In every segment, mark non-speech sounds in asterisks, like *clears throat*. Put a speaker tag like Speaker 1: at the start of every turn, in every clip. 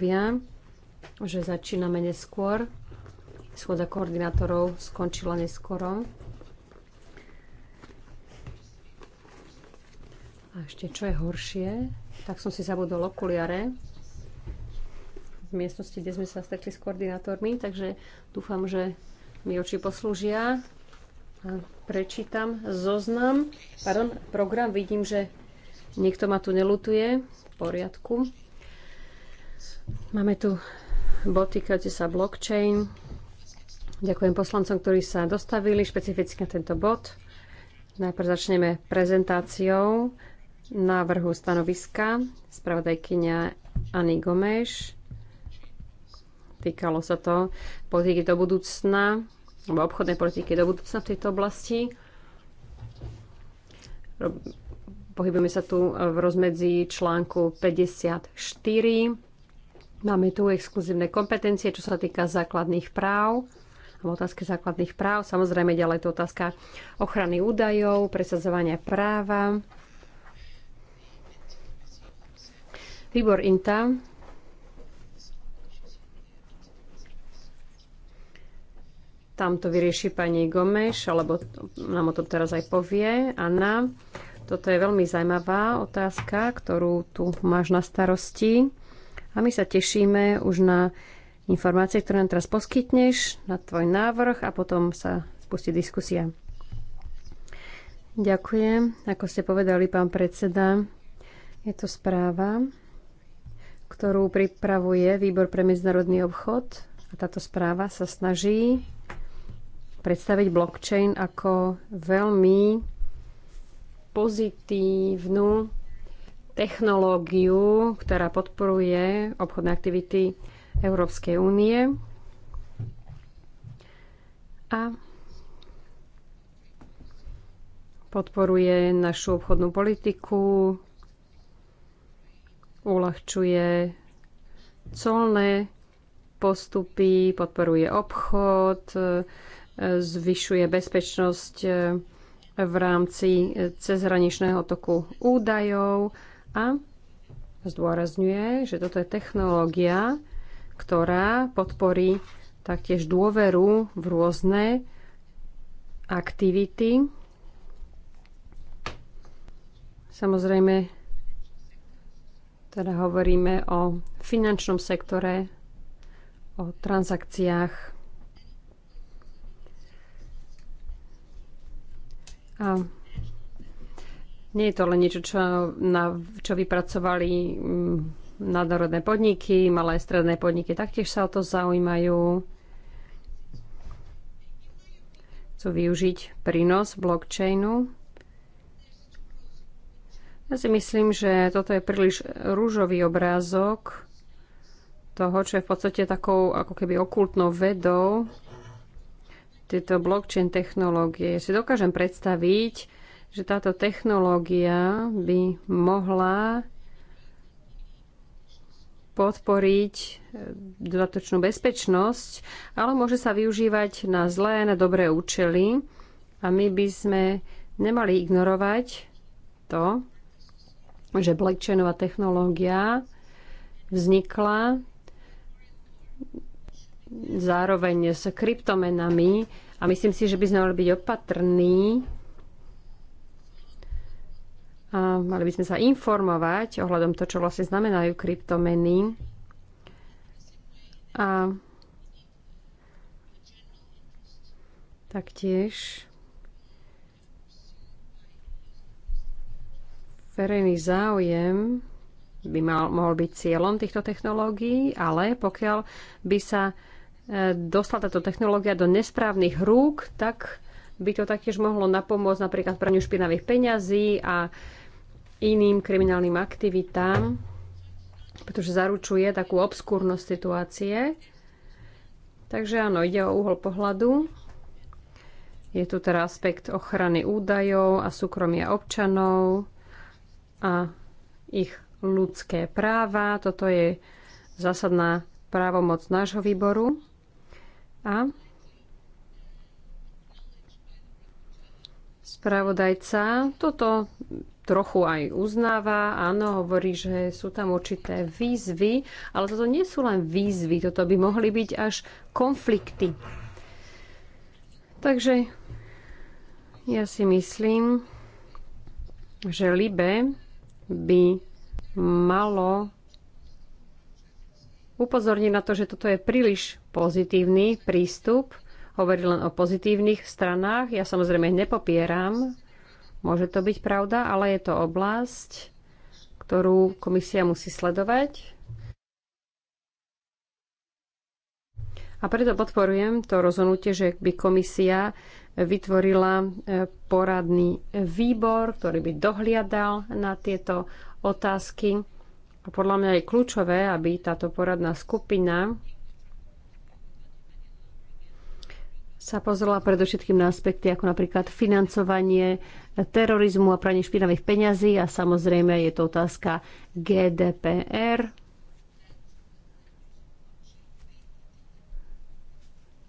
Speaker 1: Viem, že začíname neskôr. Schoda koordinátorov skončila neskoro. A ešte čo je horšie, tak som si zabudol okuliare v miestnosti, kde sme sa stretli s koordinátormi, takže dúfam, že mi oči poslúžia. A prečítam zoznam, pardon, program. Vidím, že niekto ma tu nelutuje. V poriadku. Máme tu bod týkajúci sa blockchain. Ďakujem poslancom, ktorí sa dostavili špecificky na tento bod. Najprv začneme prezentáciou návrhu stanoviska spravodajkynia Ani Gomeš. Týkalo sa to politiky do budúcna, alebo obchodnej politiky do budúcna v tejto oblasti. Pohybujeme sa tu v rozmedzi článku 54 Máme tu exkluzívne kompetencie, čo sa týka základných práv v otázky základných práv. Samozrejme, ďalej je to otázka ochrany údajov, presadzovania práva. Výbor INTA tam to vyrieši pani Gomeš, alebo nám o tom teraz aj povie. Anna, toto je veľmi zaujímavá otázka, ktorú tu máš na starosti. A my sa tešíme už na informácie, ktoré nám teraz poskytneš, na tvoj návrh a potom sa spustí diskusia. Ďakujem. Ako ste povedali, pán predseda, je to správa, ktorú pripravuje Výbor pre medzinárodný obchod a táto správa sa snaží predstaviť blockchain ako veľmi pozitívnu technológiu, ktorá podporuje obchodné aktivity Európskej únie. A podporuje našu obchodnú politiku, uľahčuje colné postupy, podporuje obchod, zvyšuje bezpečnosť v rámci cezhraničného toku údajov a zdôrazňuje, že toto je technológia, ktorá podporí taktiež dôveru v rôzne aktivity. Samozrejme, teda hovoríme o finančnom sektore, o transakciách. A nie je to len niečo, čo, na, čo vypracovali mm, nadnárodné podniky, malé stredné podniky taktiež sa o to zaujímajú. Chcú využiť prínos blockchainu. Ja si myslím, že toto je príliš rúžový obrázok toho, čo je v podstate takou ako keby okultnou vedou tieto blockchain technológie. Si dokážem predstaviť, že táto technológia by mohla podporiť eh, dodatočnú bezpečnosť, ale môže sa využívať na zlé, na dobré účely a my by sme nemali ignorovať to, že blockchainová technológia vznikla zároveň s kryptomenami a myslím si, že by sme mali byť opatrní a mali by sme sa informovať ohľadom to, čo vlastne znamenajú kryptomeny. A taktiež verejný záujem by mal, mohol byť cieľom týchto technológií, ale pokiaľ by sa e, dostala táto technológia do nesprávnych rúk, tak by to taktiež mohlo napomôcť napríklad praniu špinavých peňazí a iným kriminálnym aktivitám, pretože zaručuje takú obskúrnosť situácie. Takže áno, ide o uhol pohľadu. Je tu teda aspekt ochrany údajov a súkromia občanov a ich ľudské práva. Toto je zásadná právomoc nášho výboru. A spravodajca toto trochu aj uznáva. Áno, hovorí, že sú tam určité výzvy, ale toto nie sú len výzvy, toto by mohli byť až konflikty. Takže ja si myslím, že Libe by malo upozorniť na to, že toto je príliš pozitívny prístup. Hovorí len o pozitívnych stranách. Ja samozrejme nepopieram Môže to byť pravda, ale je to oblasť, ktorú komisia musí sledovať. A preto podporujem to rozhodnutie, že by komisia vytvorila e, poradný výbor, ktorý by dohliadal na tieto otázky. A podľa mňa je kľúčové, aby táto poradná skupina sa pozrela predovšetkým na aspekty ako napríklad financovanie terorizmu a pranie špinavých peňazí a samozrejme je to otázka GDPR.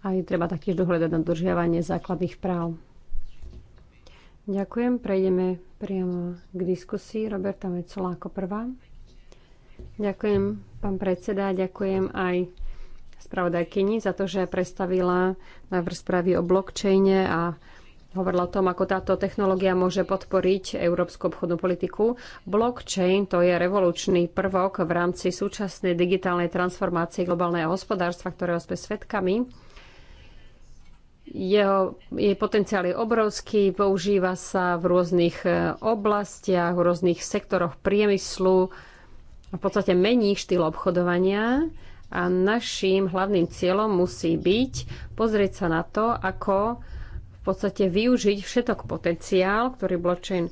Speaker 1: A je treba taktiež dohľadať na dodržiavanie základných práv. Ďakujem. Prejdeme priamo k diskusii. Roberta Mecola ako prvá. Ďakujem, pán predseda. Ďakujem aj spravodajkyni za to, že predstavila návrh správy o blockchaine a hovorila o tom, ako táto technológia môže podporiť európsku obchodnú politiku. Blockchain to je revolučný prvok v rámci súčasnej digitálnej transformácie globálneho hospodárstva, ktorého sme svedkami. Jeho, jej potenciál je obrovský, používa sa v rôznych e, oblastiach, v rôznych sektoroch priemyslu a v podstate mení štýl obchodovania a našim hlavným cieľom musí byť pozrieť sa na to, ako v podstate využiť všetok potenciál, ktorý blockchain e,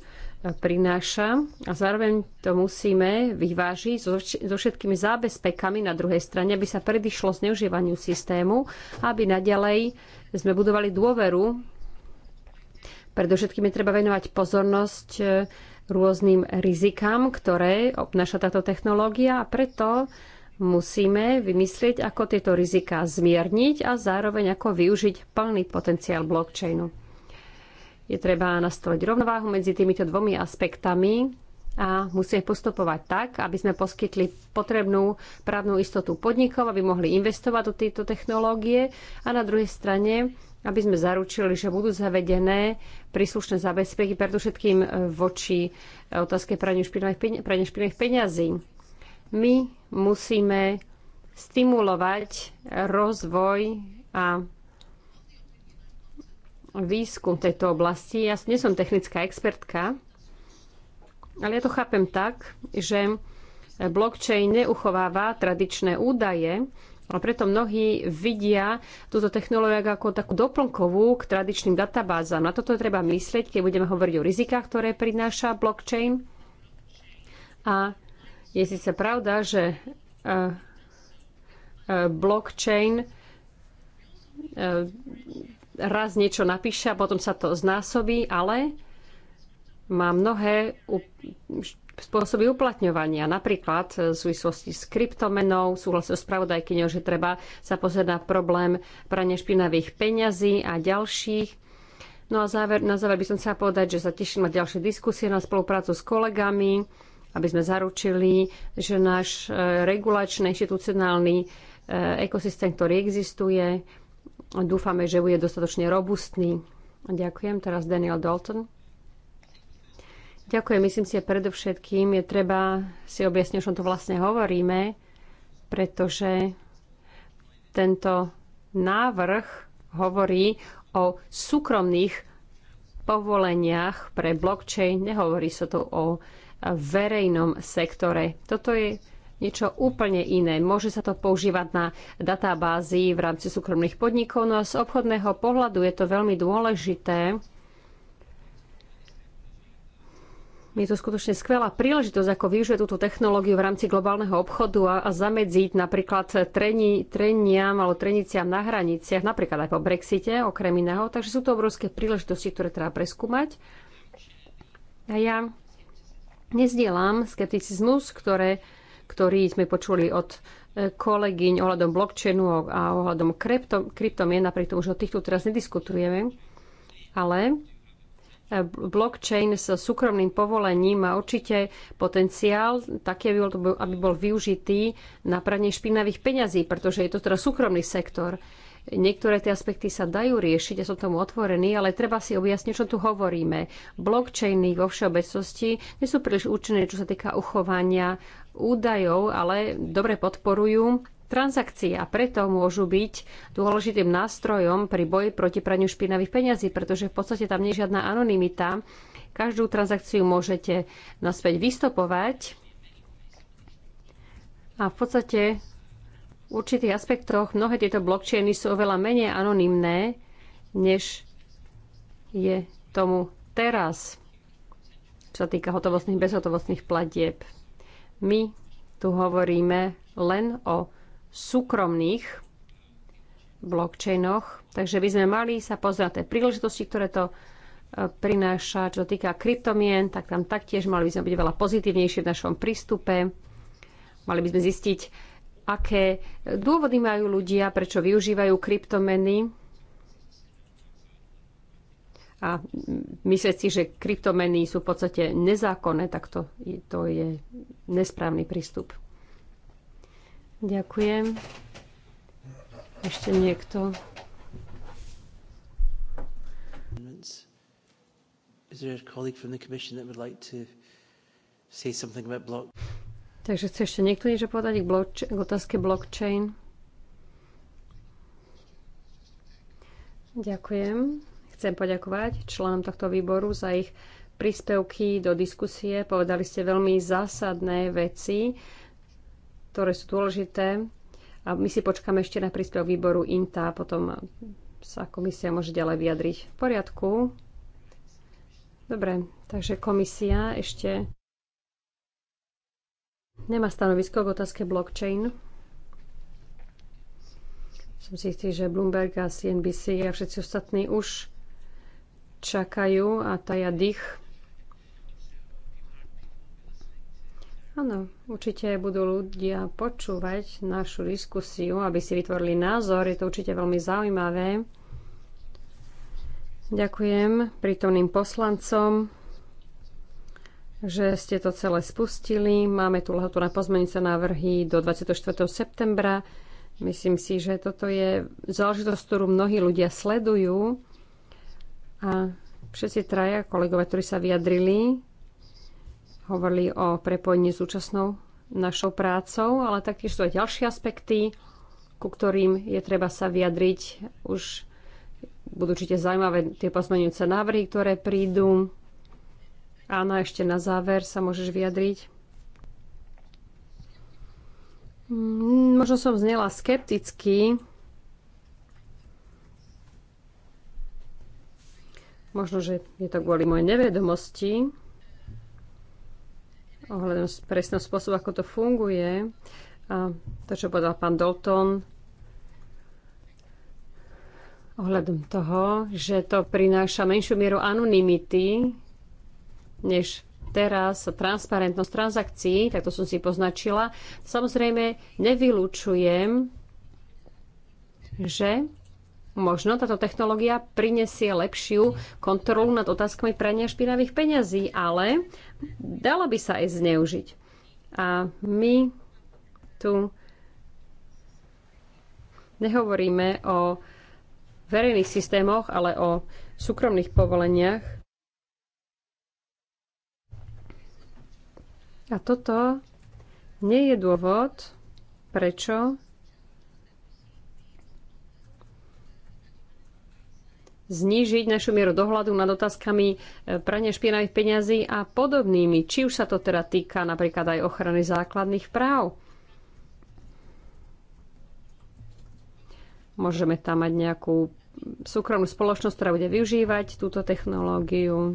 Speaker 1: prináša a zároveň to musíme vyvážiť so všetkými zábezpekami na druhej strane, aby sa predišlo zneužívaniu systému, aby naďalej sme budovali dôveru. Predovšetkým je treba venovať pozornosť e, rôznym rizikám, ktoré obnáša táto technológia a preto musíme vymyslieť, ako tieto rizika zmierniť a zároveň ako využiť plný potenciál blockchainu. Je treba nastoliť rovnováhu medzi týmito dvomi aspektami a musíme postupovať tak, aby sme poskytli potrebnú právnu istotu podnikov, aby mohli investovať do tejto technológie a na druhej strane, aby sme zaručili, že budú zavedené príslušné zabezpeky, predovšetkým voči otázke prania špinavých peniazí my musíme stimulovať rozvoj a výskum tejto oblasti. Ja nie som technická expertka, ale ja to chápem tak, že blockchain neuchováva tradičné údaje a preto mnohí vidia túto technológiu ako takú doplnkovú k tradičným databázam. Na toto treba myslieť, keď budeme hovoriť o rizikách, ktoré prináša blockchain. A je síce pravda, že e, e, blockchain e, raz niečo napíše a potom sa to znásobí, ale má mnohé spôsoby uplatňovania. Napríklad v súvislosti s kryptomenou súhlasil spravodajkyňou, že treba sa pozrieť na problém prania špinavých peňazí a ďalších. No a záver, na záver by som chcela povedať, že sa teším na ďalšie diskusie, na spoluprácu s kolegami aby sme zaručili, že náš e, regulačný inštitucionálny e, ekosystém, ktorý existuje, dúfame, že bude dostatočne robustný. Ďakujem. Teraz Daniel Dalton. Ďakujem. Myslím si, že predovšetkým je treba si objasniť, o čom to vlastne hovoríme, pretože tento návrh hovorí o súkromných povoleniach pre blockchain. Nehovorí sa tu o verejnom sektore. Toto je niečo úplne iné. Môže sa to používať na databázy v rámci súkromných podnikov, no a z obchodného pohľadu je to veľmi dôležité. Je to skutočne skvelá príležitosť, ako využiť túto technológiu v rámci globálneho obchodu a, a zamedziť napríklad treni, treniam alebo treniciam na hraniciach, napríklad aj po Brexite, okrem iného. Takže sú to obrovské príležitosti, ktoré treba preskúmať. A ja Nezdielam skepticizmus, ktoré, ktorý sme počuli od e, kolegyň ohľadom blockchainu a ohľadom krypto, kryptomien, napriek tomu, že o týchto teraz nediskutujeme, ale e, blockchain s súkromným povolením má určite potenciál taký, aby bol, aby bol využitý na pranie špinavých peňazí, pretože je to teda súkromný sektor. Niektoré tie aspekty sa dajú riešiť, ja som tomu otvorený, ale treba si objasniť, čo tu hovoríme. Blockchainy vo všeobecnosti nie sú príliš účinné, čo sa týka uchovania údajov, ale dobre podporujú transakcie a preto môžu byť dôležitým nástrojom pri boji proti praniu špinavých peňazí, pretože v podstate tam nie je žiadna anonimita. Každú transakciu môžete naspäť vystopovať a v podstate určitých aspektoch mnohé tieto blockchainy sú oveľa menej anonymné, než je tomu teraz, čo sa týka hotovostných, bezhotovostných platieb. My tu hovoríme len o súkromných blockchainoch, takže by sme mali sa pozrieť na tie príležitosti, ktoré to e, prináša, čo týka kryptomien, tak tam taktiež mali by sme byť veľa pozitívnejšie v našom prístupe. Mali by sme zistiť, aké dôvody majú ľudia, prečo využívajú kryptomeny. A myslieť si, že kryptomeny sú v podstate nezákonné, tak to, to je nesprávny prístup. Ďakujem. Ešte niekto?
Speaker 2: Is there a colleague from the Commission that would like to say something about block?
Speaker 1: Takže chce ešte niekto niečo povedať k, blockchain, k otázke blockchain? Ďakujem. Chcem poďakovať členom tohto výboru za ich príspevky do diskusie. Povedali ste veľmi zásadné veci, ktoré sú dôležité. A my si počkáme ešte na príspev výboru INTA, potom sa komisia môže ďalej vyjadriť. V poriadku. Dobre, takže komisia ešte Nemá stanovisko k otázke blockchain. Som si istý, že Bloomberg a CNBC a všetci ostatní už čakajú a taja dých. Áno, určite budú ľudia počúvať našu diskusiu, aby si vytvorili názor. Je to určite veľmi zaujímavé. Ďakujem prítomným poslancom že ste to celé spustili. Máme tu lehotu na pozmenice návrhy do 24. septembra. Myslím si, že toto je záležitosť, ktorú mnohí ľudia sledujú. A všetci traja kolegovia, ktorí sa vyjadrili, hovorili o prepojení s účasnou našou prácou, ale taktiež sú aj ďalšie aspekty, ku ktorým je treba sa vyjadriť. Už budú určite zaujímavé tie pozmenujúce návrhy, ktoré prídu. Áno, ešte na záver sa môžeš vyjadriť. Mm, možno som znela skepticky. Možno, že je to kvôli mojej nevedomosti ohľadom presného spôsobu, ako to funguje. A to, čo povedal pán Dalton, ohľadom toho, že to prináša menšiu mieru anonimity než teraz transparentnosť transakcií, tak to som si poznačila. Samozrejme, nevylučujem, že možno táto technológia prinesie lepšiu kontrolu nad otázkami prania špinavých peňazí, ale dala by sa aj zneužiť. A my tu nehovoríme o verejných systémoch, ale o súkromných povoleniach A toto nie je dôvod, prečo znížiť našu mieru dohľadu nad otázkami e, prania špinavých peňazí a podobnými, či už sa to teda týka napríklad aj ochrany základných práv. Môžeme tam mať nejakú súkromnú spoločnosť, ktorá bude využívať túto technológiu.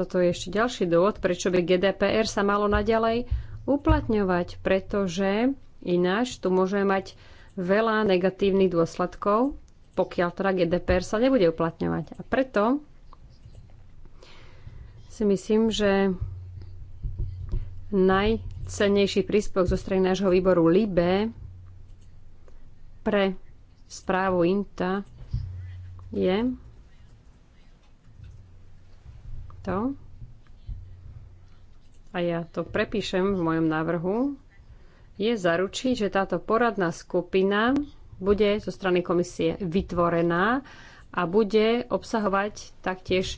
Speaker 1: Toto je ešte ďalší dôvod, prečo by GDPR sa malo naďalej uplatňovať, pretože ináč tu môže mať veľa negatívnych dôsledkov, pokiaľ teda GDPR sa nebude uplatňovať. A preto si myslím, že najcennejší príspevok zo strany nášho výboru LIBE pre správu INTA je, takto. a ja to prepíšem v mojom návrhu, je zaručiť, že táto poradná skupina bude zo strany komisie vytvorená a bude obsahovať taktiež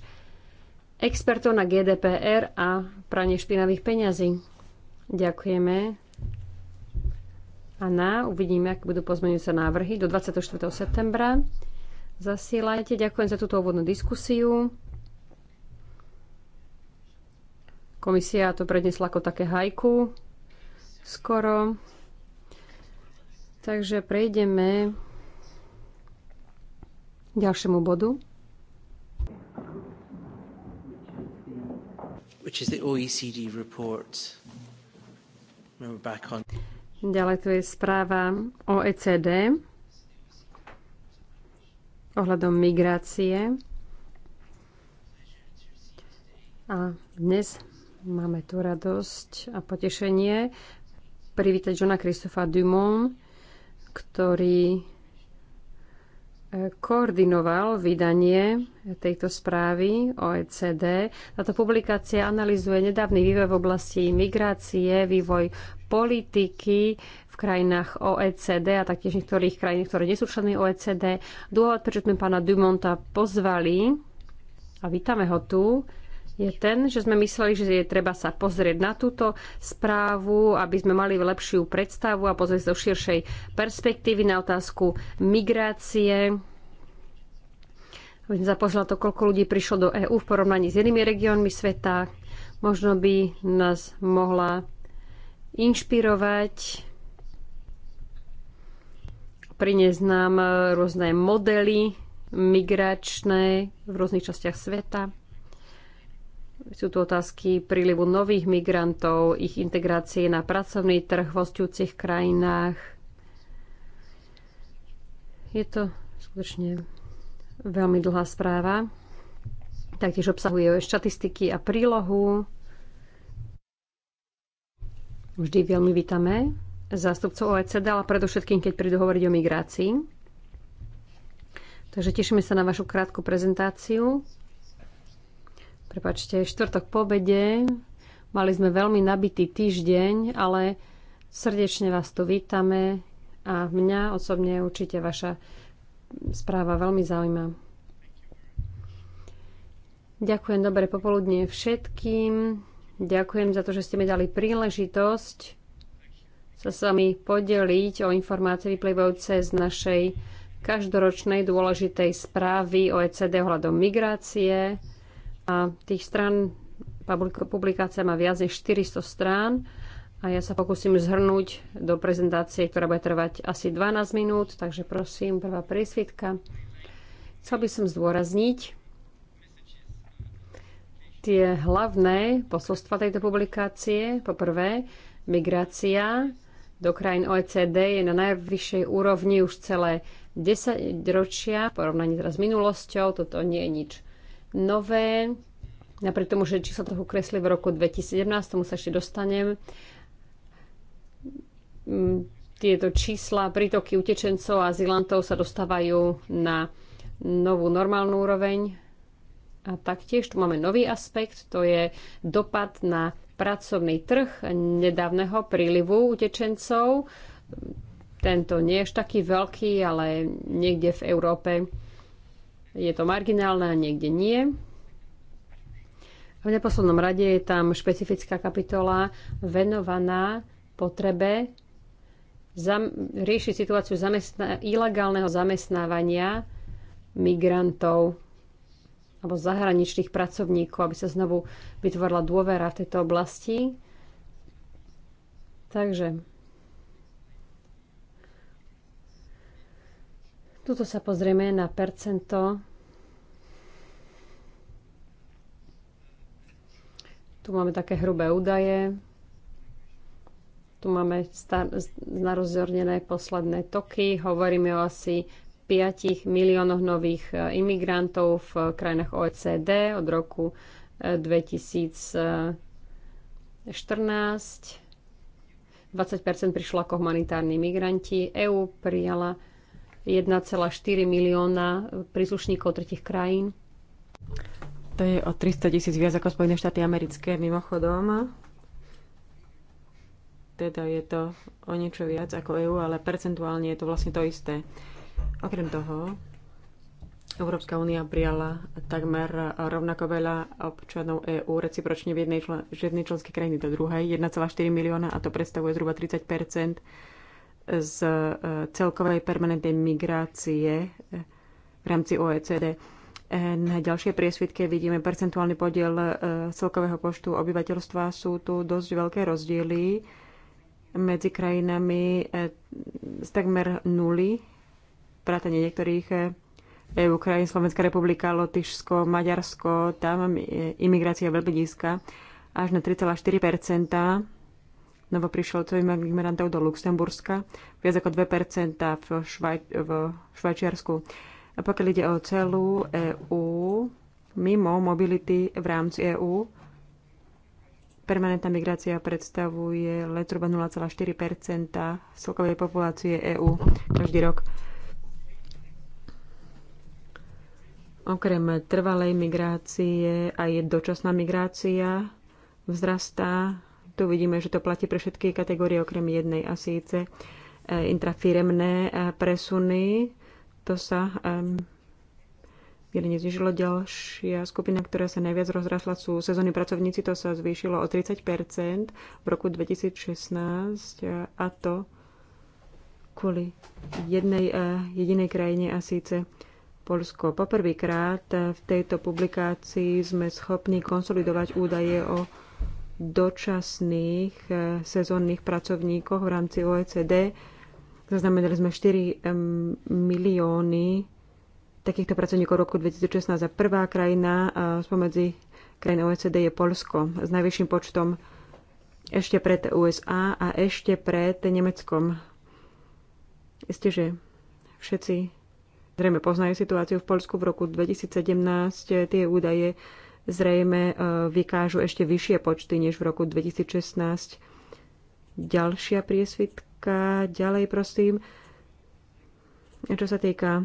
Speaker 1: expertov na GDPR a pranie špinavých peňazí. Ďakujeme. na, uvidíme, ak budú pozmeňujúce návrhy do 24. septembra. Zasielajte. Ďakujem za túto úvodnú diskusiu. Komisia to prednesla ako také hajku skoro. Takže prejdeme k ďalšiemu bodu.
Speaker 2: Which is the OECD report. back on.
Speaker 1: Ďalej tu je správa OECD ohľadom migrácie. A dnes Máme tu radosť a potešenie privítať Johna Christopha Dumont, ktorý e, koordinoval vydanie tejto správy OECD. Táto publikácia analizuje nedávny vývoj v oblasti migrácie, vývoj politiky v krajinách OECD a taktiež niektorých krajín, ktoré nie sú členy OECD. Dôvod, prečo sme pána Dumonta pozvali a vítame ho tu, je ten, že sme mysleli, že je treba sa pozrieť na túto správu, aby sme mali lepšiu predstavu a pozrieť do širšej perspektívy na otázku migrácie. Aby som zapozrela to, koľko ľudí prišlo do EÚ v porovnaní s inými regiónmi sveta. Možno by nás mohla inšpirovať, priniesť nám rôzne modely migračné v rôznych častiach sveta. Sú tu otázky prílivu nových migrantov, ich integrácie na pracovný trh v hostujúcich krajinách. Je to skutočne veľmi dlhá správa. Taktiež obsahuje štatistiky a prílohu. Vždy veľmi vítame zástupcov OECD, ale predovšetkým, keď prídu hovoriť o migrácii. Takže tešíme sa na vašu krátku prezentáciu. Prepačte, štvrtok po obede. Mali sme veľmi nabitý týždeň, ale srdečne vás tu vítame a mňa osobne určite vaša správa veľmi zaujíma. Ďakujem dobre popoludne všetkým. Ďakujem za to, že ste mi dali príležitosť sa s vami podeliť o informácie vyplývajúce z našej každoročnej dôležitej správy o ECD ohľadom migrácie. A tých strán publikácia má viac než 400 strán a ja sa pokúsim zhrnúť do prezentácie, ktorá bude trvať asi 12 minút, takže prosím, prvá prísvitka. Chcel by som zdôrazniť tie hlavné posolstva tejto publikácie. Poprvé, migrácia do krajín OECD je na najvyššej úrovni už celé 10 ročia, porovnaní teraz s minulosťou, toto nie je nič nové. Napriek tomu, že či sa to kresli v roku 2017, tomu sa ešte dostanem. Mm, tieto čísla, prítoky utečencov a azylantov sa dostávajú na novú normálnu úroveň. A taktiež tu máme nový aspekt, to je dopad na pracovný trh nedávneho prílivu utečencov. Tento nie je až taký veľký, ale niekde v Európe je to marginálne a niekde nie. V neposlednom rade je tam špecifická kapitola venovaná potrebe zam- riešiť situáciu zamestna- ilegálneho zamestnávania migrantov alebo zahraničných pracovníkov, aby sa znovu vytvorila dôvera v tejto oblasti. Takže Tuto sa pozrieme na percento. Tu máme také hrubé údaje. Tu máme narozornené posledné toky. Hovoríme o asi 5 miliónoch nových e, imigrantov v krajinách OECD od roku 2014. E, 20% e, prišlo ako humanitárni migranti. EÚ prijala 1,4 milióna
Speaker 3: príslušníkov tretich krajín. To je o 300 tisíc viac ako Spojené štáty americké, mimochodom. Teda je to o niečo viac ako EÚ, ale percentuálne je to vlastne to isté. Okrem toho, Európska únia prijala takmer rovnako veľa občanov EÚ recipročne v jednej, člen, jednej členskej krajiny do druhej, 1,4 milióna a to predstavuje zhruba 30 z e, celkovej permanentnej migrácie e, v rámci OECD. E, na ďalšie priesvitke vidíme percentuálny podiel celkového počtu obyvateľstva. Sú tu dosť veľké rozdiely medzi krajinami z takmer nuly, vrátane niektorých EU krajín, Slovenská republika, Lotyšsko, Maďarsko, tam imigrácia je veľmi nízka, až na 3,4 novoprišlcovým migrantov do Luxemburska, viac ako 2% v, Švaj- v Švajčiarsku. A pokiaľ ide o celú EÚ, mimo mobility v rámci EÚ, permanentná migrácia predstavuje len zhruba 0,4 celkovej populácie EÚ každý rok. Okrem trvalej migrácie aj dočasná migrácia vzrastá tu vidíme, že to platí pre všetky kategórie okrem jednej a síce e, intrafiremné e, presuny. To sa mierne znižilo. Ďalšia skupina, ktorá sa najviac rozrastla, sú sezóny pracovníci. To sa zvýšilo o 30 v roku 2016 e, a to kvôli jednej jedinej krajine a síce Polsko. Poprvýkrát v tejto publikácii sme schopní konsolidovať údaje o dočasných eh, sezónnych pracovníkoch v rámci OECD. Zaznamenali sme 4 milióny takýchto pracovníkov roku 2016 a prvá krajina eh, spomedzi krajín OECD je Polsko s najvyšším počtom ešte pred USA a ešte pred Nemeckom. Isté, že všetci zrejme poznajú situáciu v Polsku v roku 2017. Eh, tie údaje zrejme e, vykážu ešte vyššie počty než v roku 2016. Ďalšia priesvitka, ďalej prosím. Čo sa týka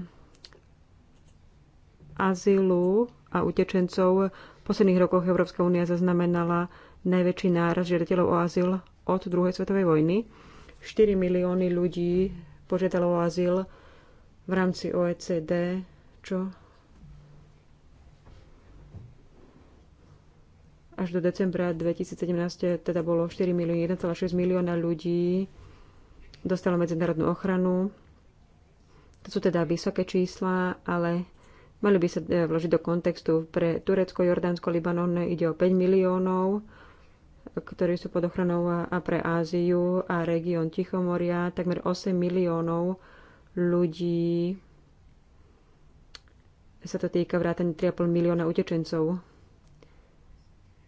Speaker 3: azylu a utečencov, v posledných rokoch Európska únia zaznamenala najväčší náraz žiadateľov o azyl od druhej svetovej vojny. 4 milióny ľudí požiadalo o azyl v rámci OECD, čo až do decembra 2017 teda bolo 4 milióny, 1,6 milióna ľudí dostalo medzinárodnú ochranu. To sú teda vysoké čísla, ale mali by sa e, vložiť do kontextu. Pre Turecko, Jordánsko, Libanon ide o 5 miliónov, ktorí sú pod ochranou a pre Áziu a región Tichomoria takmer 8 miliónov ľudí sa to týka vrátane 3,5 milióna utečencov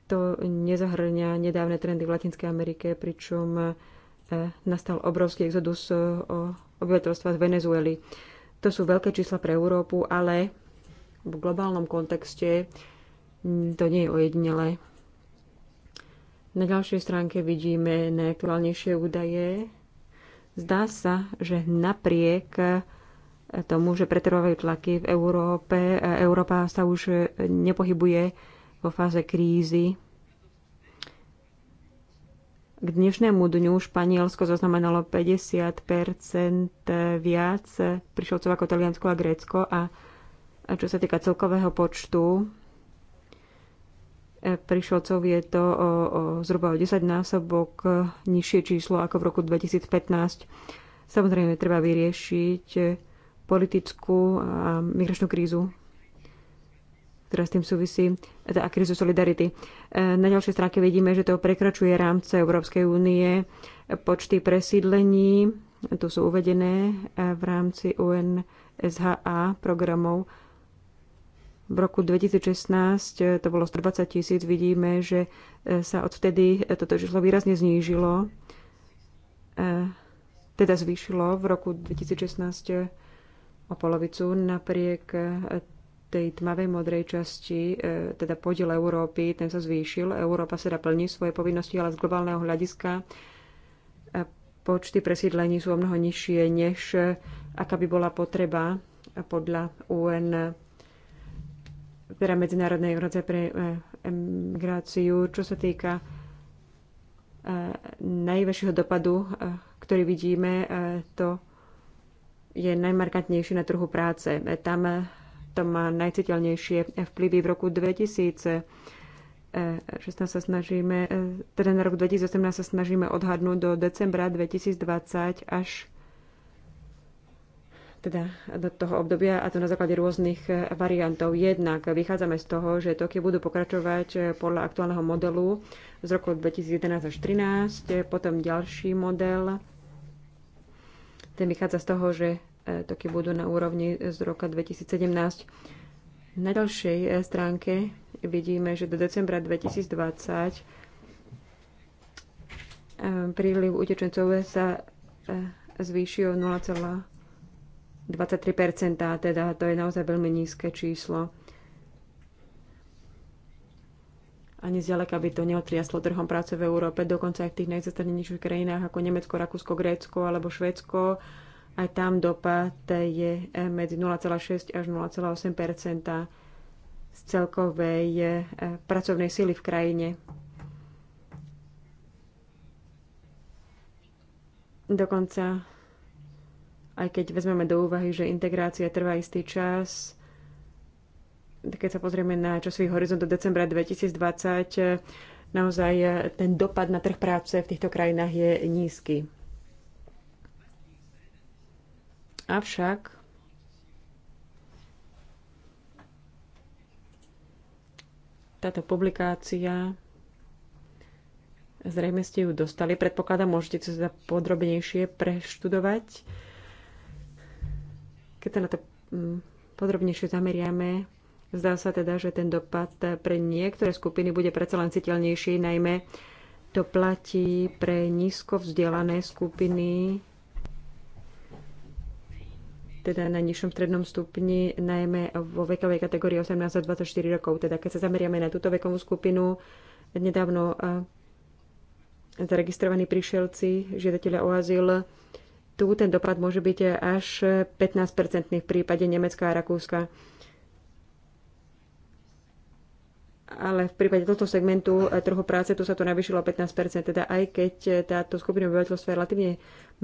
Speaker 3: to nezahrňa nedávne trendy v Latinskej Amerike, pričom eh, nastal obrovský exodus eh, obyvateľstva z Venezuely. To sú veľké čísla pre Európu, ale v globálnom kontexte mm, to nie je ojedinelé. Na ďalšej stránke vidíme najaktuálnejšie údaje. Zdá sa, že napriek eh, tomu, že pretrvávajú tlaky v Európe, Európa sa už nepohybuje vo fáze krízy. K dnešnému dňu Španielsko zaznamenalo 50 viac prišlovcov ako Taliansko a Grécko a, čo sa týka celkového počtu e, prišlovcov je to o, o zhruba o 10 násobok nižšie číslo ako v roku 2015. Samozrejme, treba vyriešiť politickú a migračnú krízu ktorá s tým súvisí, teda a krízu solidarity. E, na ďalšej stránke vidíme, že to prekračuje rámce Európskej únie, počty presídlení, tu sú uvedené e, v rámci UNSHA programov. V roku 2016 e, to bolo 120 tisíc, vidíme, že sa odvtedy toto číslo výrazne znížilo, teda zvýšilo v roku 2016 o polovicu napriek tej tmavej modrej časti, e, teda podiel Európy, ten sa zvýšil. Európa teda plní svoje povinnosti, ale z globálneho hľadiska e, počty presídlení sú o mnoho nižšie, než e, aká by bola potreba podľa UN, teda Medzinárodnej organizácie pre emigráciu. čo sa týka najväčšieho dopadu, ktorý vidíme, to je najmarkantnejší na trhu práce. Tam to má najciteľnejšie vplyvy. V roku 2000 16 sa snažíme, teda na rok 2018 sa snažíme odhadnúť do decembra 2020 až teda do toho obdobia a to na základe rôznych variantov. Jednak vychádzame z toho, že toky budú pokračovať podľa aktuálneho modelu z roku 2011 až 2013, potom ďalší model. Ten vychádza z toho, že toky budú na úrovni z roka 2017. Na ďalšej eh, stránke vidíme, že do decembra 2020 eh, príliv utečencov sa eh, zvýšil o 0,23%, teda to je naozaj veľmi nízke číslo. Ani zďaleka by to neotriaslo trhom práce v Európe, dokonca aj v tých najzastrednejších krajinách ako Nemecko, Rakúsko, Grécko alebo Švédsko aj tam dopad je e, medzi 0,6 až 0,8 z celkovej e, pracovnej sily v krajine. Dokonca, aj keď vezmeme do úvahy, že integrácia trvá istý čas, keď sa pozrieme na časový horizont do decembra 2020, e, naozaj ten dopad na trh práce v týchto krajinách je nízky. Avšak táto publikácia zrejme ste ju dostali. Predpokladám, môžete sa teda podrobnejšie preštudovať. Keď sa na to mm, podrobnejšie zameriame, zdá sa teda, že ten dopad pre niektoré skupiny bude predsa len citeľnejší, najmä to platí pre nízko vzdelané skupiny, teda na nižšom strednom stupni, najmä vo vekovej kategórii 18 a 24 rokov. Teda keď sa zameriame na túto vekovú skupinu, nedávno eh, zaregistrovaní prišielci, žiadatelia o azyl, tu ten dopad môže byť až 15-percentný v prípade Nemecka a Rakúska. ale v prípade tohto segmentu eh, trhu práce tu sa to navýšilo 15%, teda aj keď eh, táto skupina obyvateľstva je relatívne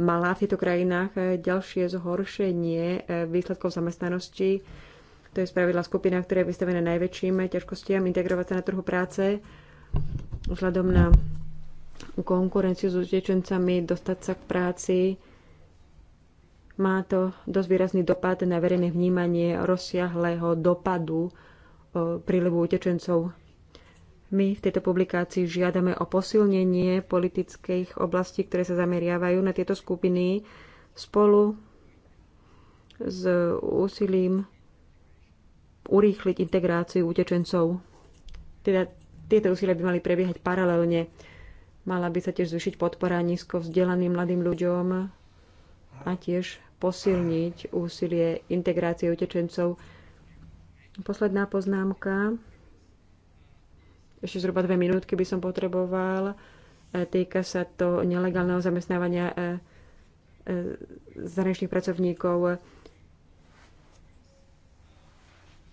Speaker 3: malá v týchto krajinách, eh, ďalšie zhoršenie výsledkov zamestnanosti, to je spravidla skupina, ktorá je vystavená najväčším ťažkostiam integrovať sa na trhu práce vzhľadom na konkurenciu s utečencami, dostať sa k práci. Má to dosť výrazný dopad na verejné vnímanie rozsiahlého dopadu prílivu utečencov. My v tejto publikácii žiadame o posilnenie politických oblastí, ktoré sa zameriavajú na tieto skupiny spolu s úsilím urýchliť integráciu utečencov. Teda tieto úsilia by mali prebiehať paralelne. Mala by sa tiež zvyšiť podpora nízko vzdelaným mladým ľuďom a tiež posilniť úsilie integrácie utečencov Posledná poznámka. Ešte zhruba dve minútky by som potreboval. E, týka sa to nelegálneho zamestnávania e, e, zahraničných pracovníkov.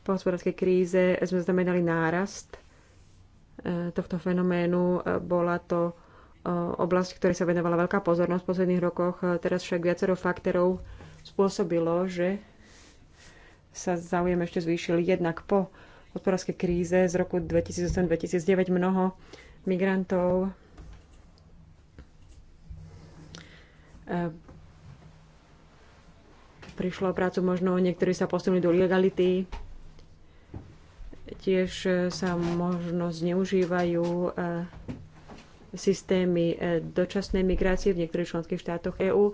Speaker 3: Po hospodárskej kríze sme znamenali nárast tohto fenoménu. Bola to oblasť, ktorej sa venovala veľká pozornosť v posledných rokoch. Teraz však viacero faktorov spôsobilo, že sa záujem ešte zvýšil jednak po hospodárskej kríze z roku 2008-2009 mnoho migrantov eh, prišlo o prácu, možno niektorí sa posunuli do legality, tiež eh, sa možno zneužívajú eh, systémy dočasnej migrácie v niektorých členských štátoch EÚ.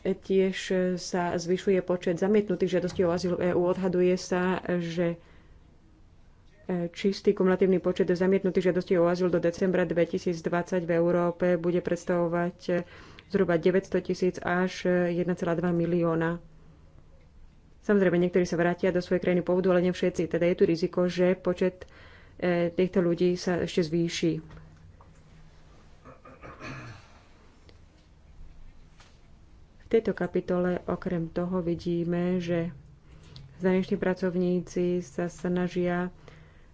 Speaker 3: Tiež sa zvyšuje počet zamietnutých žiadostí o azyl EÚ. Odhaduje sa, že e, čistý kumulatívny počet zamietnutých žiadostí o azyl do decembra 2020 v Európe bude predstavovať e, zhruba 900 tisíc až 1,2 e, milióna. Samozrejme, niektorí sa vrátia do svojej krajiny pôvodu, ale nie všetci. Teda je tu riziko, že počet týchto ľudí sa ešte zvýši tejto kapitole okrem toho vidíme, že zahraniční pracovníci sa snažia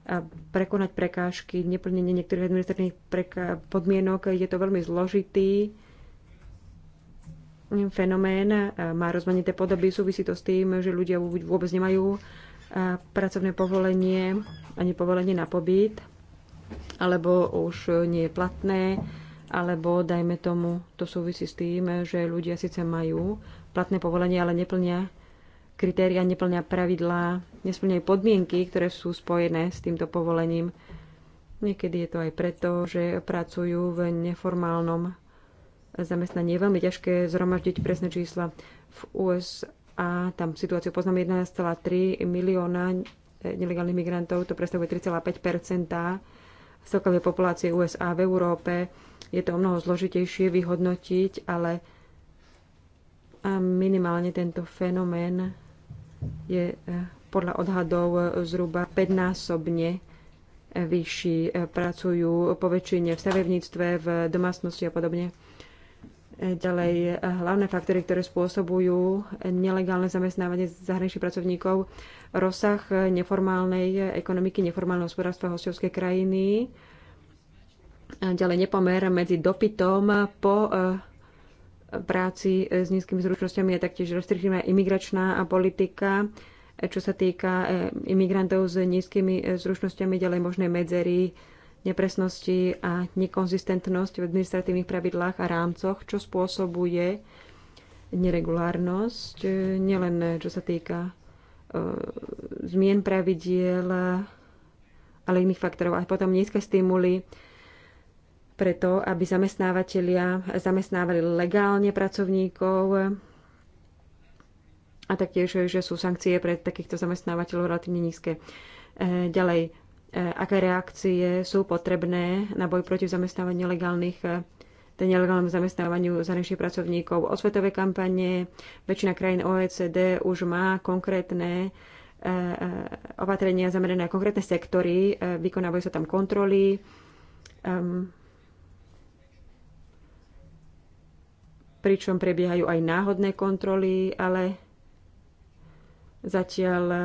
Speaker 3: a prekonať prekážky, neplnenie niektorých administratívnych podmienok. Je to veľmi zložitý fenomén, má rozmanité podoby, súvisí to s tým, že ľudia vôbec nemajú pracovné povolenie ani povolenie na pobyt, alebo už nie je platné alebo dajme tomu, to súvisí s tým, že ľudia síce majú platné povolenie, ale neplnia kritéria, neplňa pravidlá, nesplňajú podmienky, ktoré sú spojené s týmto povolením. Niekedy je to aj preto, že pracujú v neformálnom zamestnaní. Je veľmi ťažké zhromaždiť presné čísla. V USA tam situáciu poznám 11,3 milióna nelegálnych migrantov, to predstavuje 3,5 celkovej populácie USA v Európe je to o mnoho zložitejšie vyhodnotiť, ale minimálne tento fenomén je eh, podľa odhadov eh, zhruba 5-násobne eh, vyšší. Pracujú po väčšine v stavebníctve, v domácnosti a podobne. Ďalej, hlavné faktory, ktoré spôsobujú nelegálne zamestnávanie zahraničných pracovníkov, rozsah neformálnej ekonomiky, neformálneho hospodárstva hostovskej krajiny, ďalej nepomer medzi dopytom po eh, práci eh, s nízkymi zručnosťami je taktiež restriktívna imigračná politika, eh, čo sa týka imigrantov s nízkymi zručnosťami, ďalej možné medzery, nepresnosti a nekonzistentnosť v administratívnych pravidlách a rámcoch, čo spôsobuje neregulárnosť, nielen čo sa týka zmien pravidiel, ale iných faktorov. A potom nízke stimuly preto, aby zamestnávateľia zamestnávali legálne pracovníkov a taktiež, že sú sankcie pre takýchto zamestnávateľov relatívne nízke. E, ďalej, e, aké reakcie sú potrebné na boj proti zamestnávaniu nelegálnych e, ten nelegálnom zamestnávaniu zahraničných pracovníkov. Osvetové kampanie, väčšina krajín OECD už má konkrétne opatrenia zamerané na konkrétne sektory, vykonávajú sa tam kontroly, ehm, pričom prebiehajú aj náhodné kontroly, ale zatiaľ e,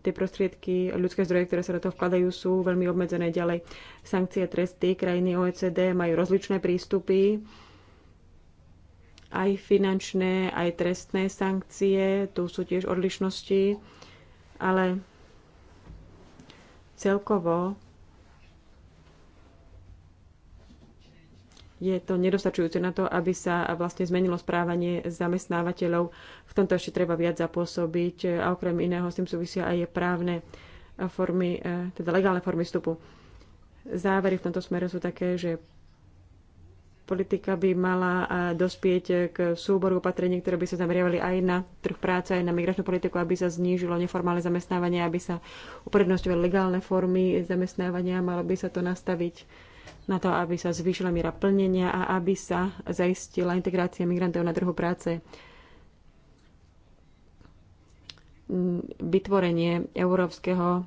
Speaker 3: tie prostriedky, ľudské zdroje, ktoré sa do toho vkladajú, sú veľmi obmedzené ďalej. Sankcie, tresty, krajiny OECD majú rozličné prístupy, aj finančné, aj trestné sankcie, tu sú tiež odlišnosti, ale celkovo je to nedostačujúce na to, aby sa vlastne zmenilo správanie zamestnávateľov. V tomto ešte treba viac zapôsobiť a okrem iného s tým súvisia aj právne formy, e, teda legálne formy vstupu. Závery v tomto smere sú také, že politika by mala e, dospieť k súboru opatrení, ktoré by sa zameriavali aj na trh práce, aj na migračnú politiku, aby sa znížilo neformálne zamestnávanie, aby sa uprednostňovali legálne formy zamestnávania, malo by sa to nastaviť na to, aby sa zvýšila miera plnenia a aby sa zaistila integrácia migrantov na trhu práce. Vytvorenie Európskeho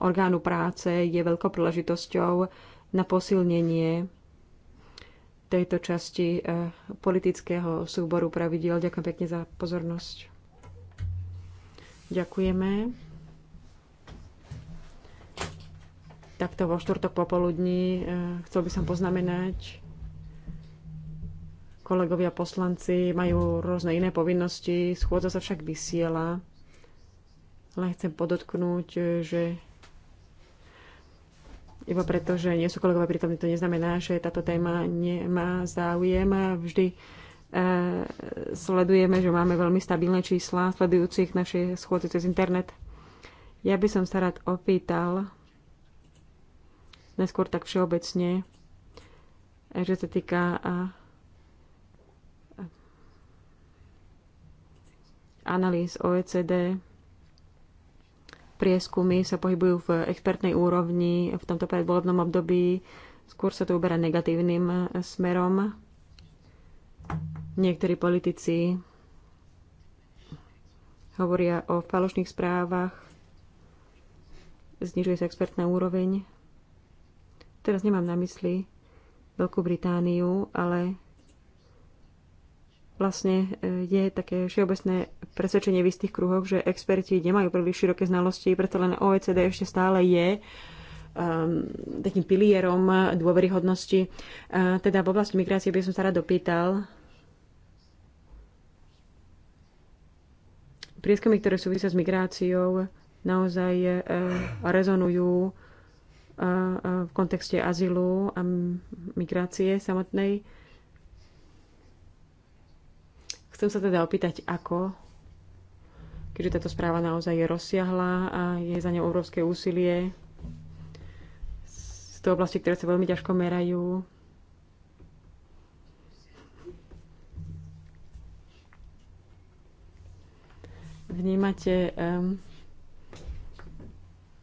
Speaker 3: orgánu práce je veľkou príležitosťou na posilnenie tejto časti e, politického súboru pravidiel. Ďakujem pekne za pozornosť. Ďakujeme. takto vo štvrtok popoludní e, chcel by som poznamenať, kolegovia poslanci majú rôzne iné povinnosti, schôdza sa však vysiela. Len chcem podotknúť, e, že iba preto, že nie sú kolegovia prítomní, to neznamená, že táto téma nemá záujem. Vždy e, sledujeme, že máme veľmi stabilné čísla sledujúcich naše schôdze cez internet. Ja by som sa rád opýtal, Najskôr tak všeobecne, že sa týka analýz OECD, prieskumy sa pohybujú v expertnej úrovni v tomto predvolebnom období. Skôr sa to uberá negatívnym e, smerom. Niektorí politici hovoria o falošných správach, znižuje sa expertná úroveň. Teraz nemám na mysli Veľkú Britániu, ale vlastne e, je také všeobecné presvedčenie v istých kruhoch, že experti nemajú príliš široké znalosti, preto len OECD ešte stále je um, takým pilierom dôveryhodnosti. Uh, teda v oblasti migrácie by som sa rád dopýtal. Prieskumy, ktoré súvisia s migráciou, naozaj uh, rezonujú v kontexte azylu a migrácie samotnej. Chcem sa teda opýtať, ako, keďže táto správa naozaj je rozsiahla a je za ňou obrovské úsilie z toho oblasti, ktoré sa veľmi ťažko merajú. Vnímate um,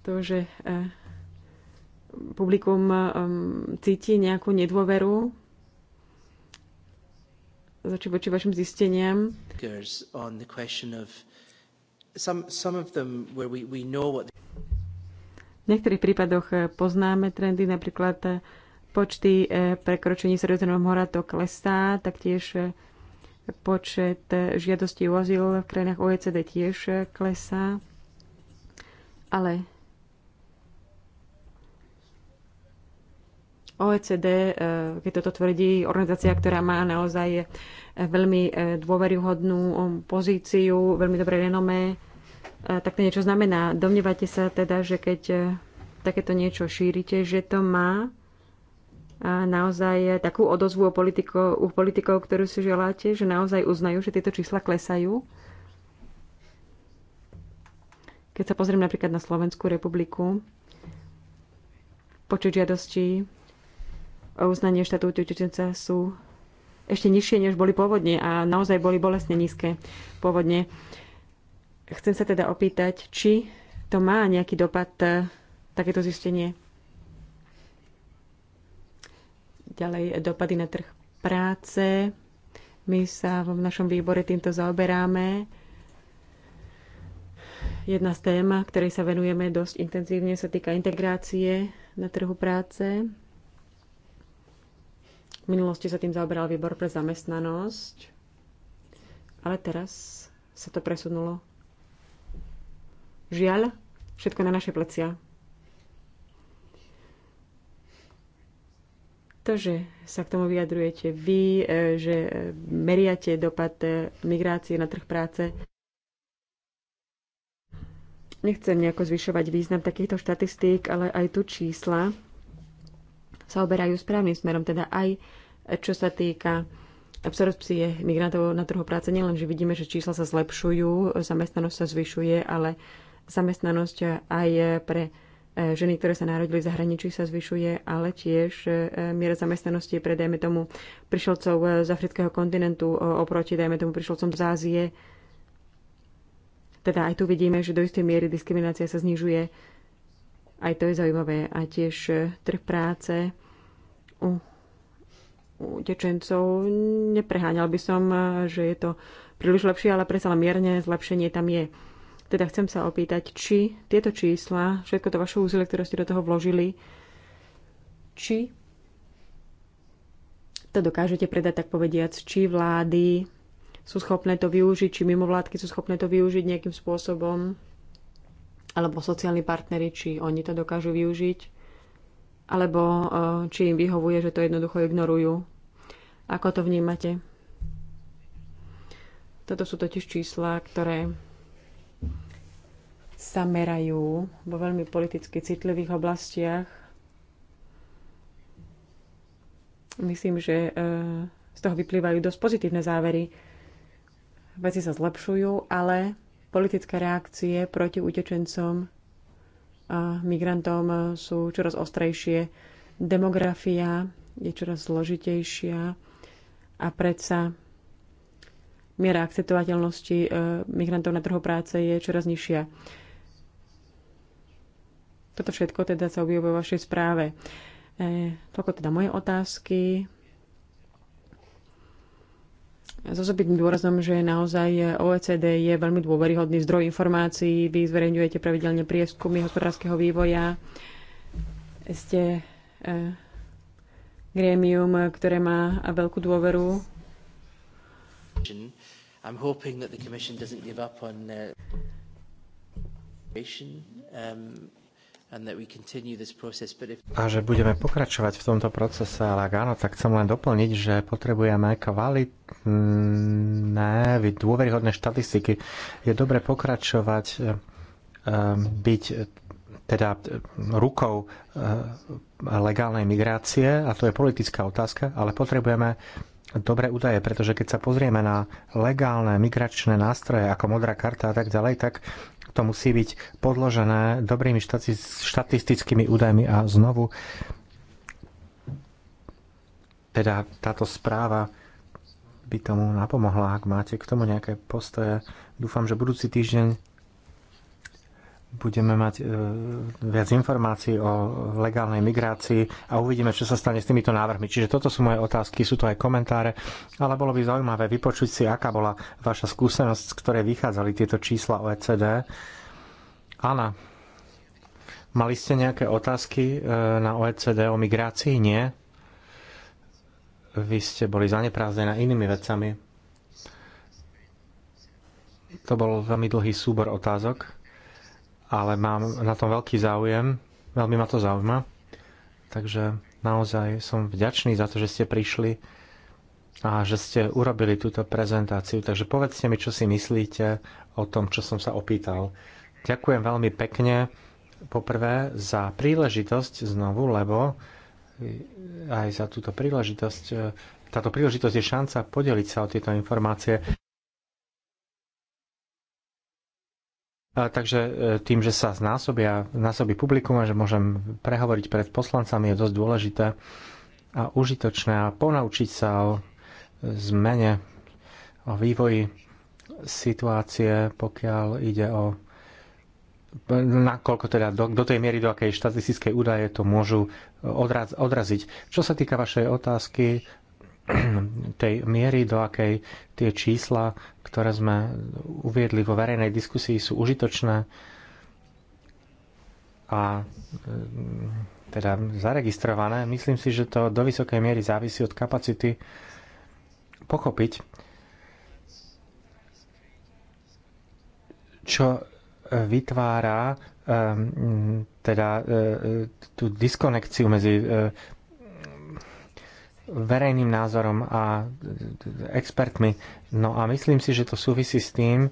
Speaker 3: to, že uh, publikum um, cíti nejakú nedôveru voči vašim zisteniam. V niektorých prípadoch eh, poznáme trendy, napríklad eh, počty eh, prekročení Sredozemného mora to klesá, taktiež počet žiadostí o azyl v krajinách OECD tiež klesá. Ale OECD, e, keď toto tvrdí, organizácia, ktorá má naozaj e, veľmi e, dôveryhodnú pozíciu, veľmi dobré renomé, tak to niečo znamená. Domnievate sa teda, že keď takéto niečo šírite, že to má naozaj takú odozvu u politikov, u politikov ktorú si želáte, že naozaj uznajú, že tieto čísla klesajú? Keď sa pozriem napríklad na Slovenskú republiku, počet žiadostí uznanie štatútu utečenca sú ešte nižšie, než boli pôvodne a naozaj boli bolestne nízke pôvodne. Chcem sa teda opýtať, či to má nejaký dopad e, takéto zistenie. Ďalej e, dopady na trh práce. My sa v našom výbore týmto zaoberáme. Jedna z tém, ktorej sa venujeme dosť intenzívne, sa týka integrácie na trhu práce. V minulosti sa tým zaoberal výbor pre zamestnanosť, ale teraz sa to presunulo. Žiaľ, všetko na naše plecia. To, že sa k tomu vyjadrujete vy, e, že e, meriate dopad e, migrácie na trh práce, nechcem nejako zvyšovať význam takýchto štatistík, ale aj tu čísla sa oberajú správnym smerom, teda aj čo sa týka absorpcie migrantov na trhu práce. Nielen, že vidíme, že čísla sa zlepšujú, zamestnanosť sa zvyšuje, ale zamestnanosť aj pre e, ženy, ktoré sa narodili v zahraničí, sa zvyšuje, ale tiež e, miera zamestnanosti pre, dajme tomu, prišelcov e, z afrického kontinentu oproti, dajme tomu, prišelcom z Ázie. Teda aj tu vidíme, že do istej miery diskriminácia sa znižuje. Aj to je zaujímavé. A tiež e, trh práce u utečencov. Nepreháňal by som, e, že je to príliš lepšie, ale predsa len mierne zlepšenie tam je. Teda chcem sa opýtať, či tieto čísla, všetko to vaše úsilie, ktoré ste do toho vložili, či to dokážete predať, tak povediac, či vlády sú schopné to využiť, či mimovládky sú schopné to využiť nejakým spôsobom alebo sociálni partneri, či oni to dokážu využiť, alebo e, či im vyhovuje, že to jednoducho ignorujú. Ako to vnímate? Toto sú totiž čísla, ktoré sa merajú vo veľmi politicky citlivých oblastiach. Myslím, že e, z toho vyplývajú dosť pozitívne závery. Veci sa zlepšujú, ale Politické reakcie proti utečencom a migrantom sú čoraz ostrejšie. Demografia je čoraz zložitejšia a predsa miera akceptovateľnosti e, migrantov na trhu práce je čoraz nižšia. Toto všetko teda sa objavuje vo vašej správe. E, toľko teda moje otázky s osobitným dôrazom, že naozaj OECD je veľmi dôveryhodný zdroj informácií, vy zverejňujete pravidelne prieskumy hospodárskeho vývoja, ste eh, grémium, ktoré má veľkú dôveru.
Speaker 2: I'm hoping that the Commission doesn't give up on uh, um, a že budeme
Speaker 4: pokračovať v tomto procese, ale ak áno, tak chcem len doplniť, že potrebujeme kvalitné, dôveryhodné štatistiky. Je dobre pokračovať, e, byť teda rukou e, legálnej migrácie, a to je politická otázka, ale potrebujeme dobré údaje, pretože keď sa pozrieme na legálne migračné nástroje ako modrá karta a tak ďalej, tak to musí byť podložené dobrými štatistickými údajmi a znovu teda táto správa by tomu napomohla, ak máte k tomu nejaké postoje. Dúfam, že budúci týždeň budeme mať e, viac informácií o legálnej migrácii a uvidíme, čo sa stane s týmito návrhmi. Čiže toto sú moje otázky, sú to aj komentáre, ale bolo by zaujímavé vypočuť si, aká bola vaša skúsenosť, z ktorej vychádzali tieto čísla OECD. Anna, mali ste nejaké otázky e, na OECD o migrácii? Nie? Vy ste boli zaneprázdená inými vecami. To bol veľmi dlhý súbor otázok ale mám na tom veľký záujem, veľmi ma to zaujíma. Takže naozaj som vďačný za to, že ste prišli a že ste urobili túto prezentáciu. Takže povedzte mi, čo si myslíte o tom, čo som sa opýtal. Ďakujem veľmi pekne poprvé za príležitosť znovu, lebo aj za túto príležitosť táto príležitosť je šanca podeliť sa o tieto informácie. A takže e, tým, že sa znásobia, násobí publikum a že môžem prehovoriť pred poslancami je dosť dôležité a užitočné a ponaučiť sa o zmene, o vývoji situácie, pokiaľ ide o nakoľko teda do, do tej miery, do akej štatistickej údaje to môžu odraz, odraziť. Čo sa týka vašej otázky *clears throat* tej miery, do akej tie čísla, ktoré sme uviedli vo verejnej diskusii, sú užitočné a e, teda zaregistrované. Myslím si, že to do vysokej miery závisí od kapacity pochopiť, čo vytvára e, teda e, tú diskonekciu medzi verejným názorom a expertmi. No a myslím si, že to súvisí s tým,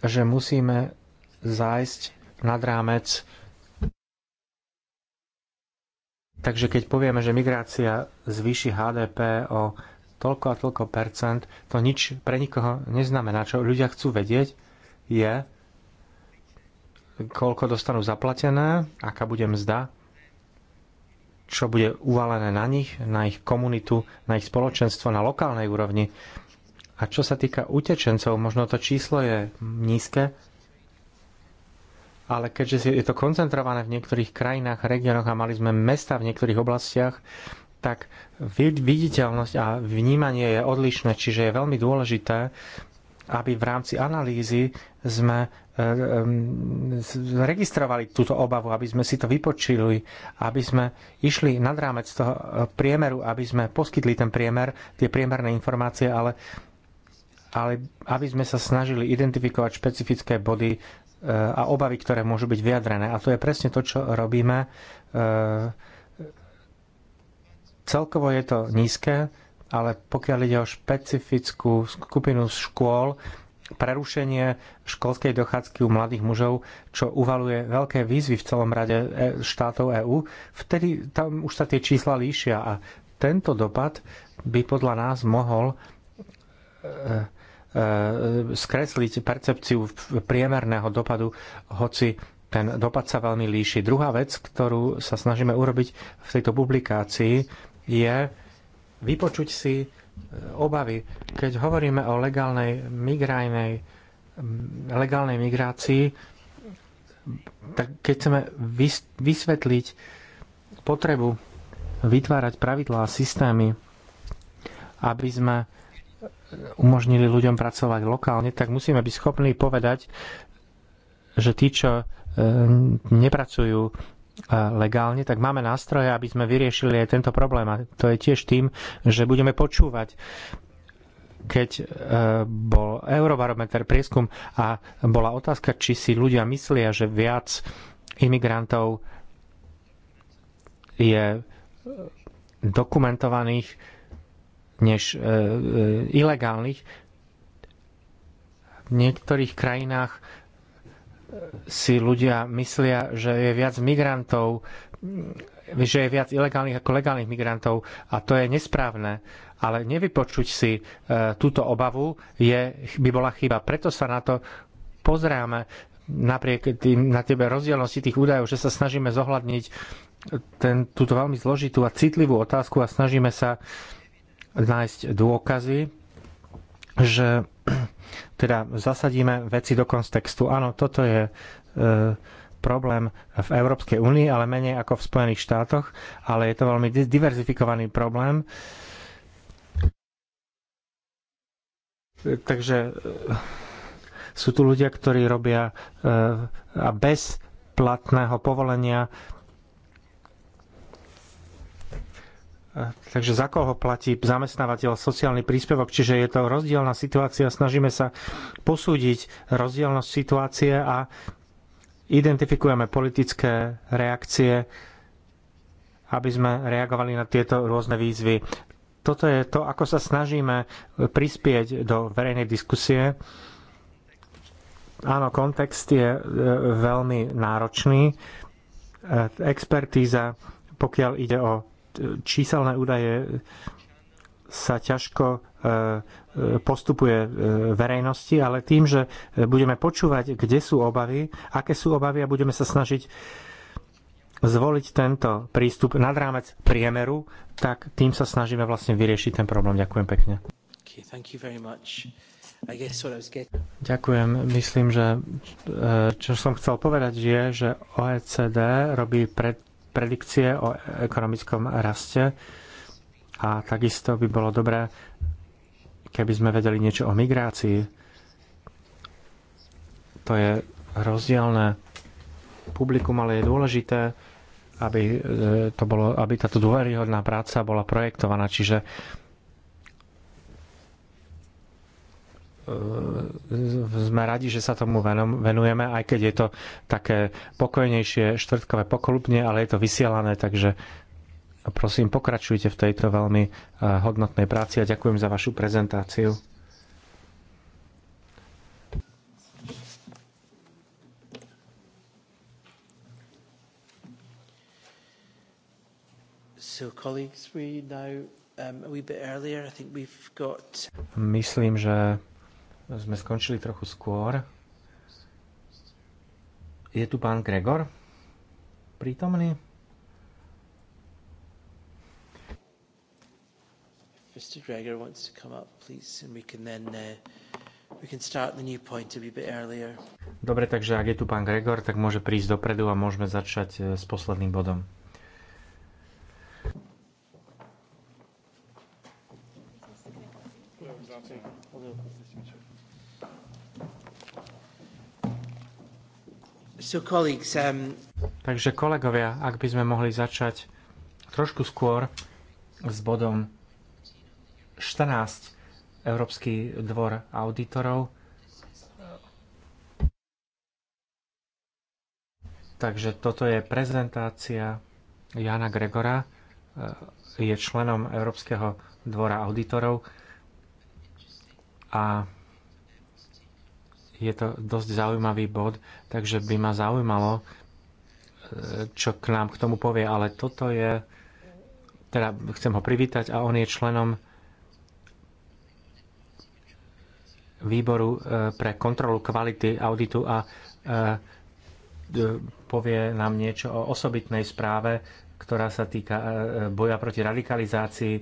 Speaker 4: že musíme zájsť nad rámec. Takže keď povieme, že migrácia zvýši HDP o toľko a toľko percent, to nič pre nikoho neznamená. Čo ľudia chcú vedieť je, koľko dostanú zaplatené, aká bude mzda čo bude uvalené na nich, na ich komunitu, na ich spoločenstvo, na lokálnej úrovni. A čo sa týka utečencov, možno to číslo je nízke, ale keďže je to koncentrované v niektorých krajinách, regiónoch a mali sme mesta v niektorých oblastiach, tak viditeľnosť a vnímanie je odlišné, čiže je veľmi dôležité, aby v rámci analýzy sme Ehm, ehm, registrovali túto obavu, aby sme si to vypočili, aby sme išli nad rámec toho e, priemeru, aby sme poskytli ten priemer, tie priemerné informácie, ale, ale aby sme sa snažili identifikovať špecifické body e, a obavy, ktoré môžu byť vyjadrené. A to je presne to, čo robíme. E, celkovo je to nízke, ale pokiaľ ide o špecifickú skupinu škôl, prerušenie školskej dochádzky u mladých mužov, čo uvaluje veľké výzvy v celom rade e, štátov EÚ, vtedy tam už sa tie čísla líšia a tento dopad by podľa nás mohol e, e, skresliť percepciu priemerného dopadu, hoci ten dopad sa veľmi líši. Druhá vec, ktorú sa snažíme urobiť v tejto publikácii, je vypočuť si E, obavy. Keď hovoríme o legálnej migrajnej, legálnej migrácii, tak keď chceme vysvetliť potrebu vytvárať pravidlá a systémy, aby sme umožnili ľuďom pracovať lokálne, tak musíme byť schopní povedať, že tí, čo e, nepracujú legálne, tak máme nástroje, aby sme vyriešili aj tento problém. A to je tiež tým, že budeme počúvať keď e, bol Eurobarometer prieskum a bola otázka, či si ľudia myslia, že viac imigrantov je e, dokumentovaných než e, ilegálnych. V niektorých krajinách si ľudia myslia, že je viac migrantov, že je viac ilegálnych ako legálnych migrantov a to je nesprávne. Ale nevypočuť si e, túto obavu je, by bola chyba. Preto sa na to pozráme napriek tým, na tebe rozdielnosti tých údajov, že sa snažíme zohľadniť ten, túto veľmi zložitú a citlivú otázku a snažíme sa nájsť dôkazy, že *clears throat* teda zasadíme veci do kontextu. Áno, toto je e, problém v Európskej únii, ale menej ako v Spojených štátoch, ale je to veľmi diverzifikovaný problém. Takže e, sú tu ľudia, ktorí robia e, a bez platného povolenia takže za koho platí zamestnávateľ sociálny príspevok, čiže je to rozdielna situácia, snažíme sa posúdiť rozdielnosť situácie a identifikujeme politické reakcie, aby sme reagovali na tieto rôzne výzvy. Toto je to, ako sa snažíme prispieť do verejnej diskusie. Áno, kontext je e, veľmi náročný. E, expertíza, pokiaľ ide o číselné údaje sa ťažko e, e, postupuje e, verejnosti, ale tým, že budeme počúvať, kde sú obavy, aké sú obavy a budeme sa snažiť zvoliť tento prístup nad rámec priemeru, tak tým sa snažíme vlastne vyriešiť ten problém. Ďakujem pekne. Ďakujem. Myslím, že čo som chcel povedať je, že OECD robí pred predikcie o ekonomickom raste a takisto by bolo dobré, keby sme vedeli niečo o migrácii. To je rozdielne publikum, ale je dôležité, aby, e, to bolo, aby táto dôveryhodná práca bola projektovaná, čiže E, sme radi, že sa tomu venujeme, aj keď je to také pokojnejšie štvrtkové pokolupne, ale je to vysielané, takže prosím, pokračujte v tejto veľmi e, hodnotnej práci a ďakujem za vašu prezentáciu.
Speaker 2: Um,
Speaker 4: Myslím, že sme skončili trochu skôr. Je tu pán Gregor? Prítomný?
Speaker 2: Mr. Gregor wants to come up, please, and we can then uh, we can start the new point a bit earlier.
Speaker 4: Dobre, takže ak je tu pán Gregor, tak môže prísť dopredu a môžeme začať e, s posledným bodom.
Speaker 2: Where was Um,
Speaker 4: Takže kolegovia, ak by sme mohli začať trošku skôr s bodom 14 Európsky dvor auditorov. Takže toto je prezentácia Jana Gregora, eh, je členom Európskeho dvora auditorov a je to dosť zaujímavý bod, takže by ma zaujímalo, e, čo k nám k tomu povie, ale toto je, teda chcem ho privítať a on je členom výboru e, pre kontrolu kvality auditu a e, povie nám niečo o osobitnej správe, ktorá sa týka boja proti radikalizácii,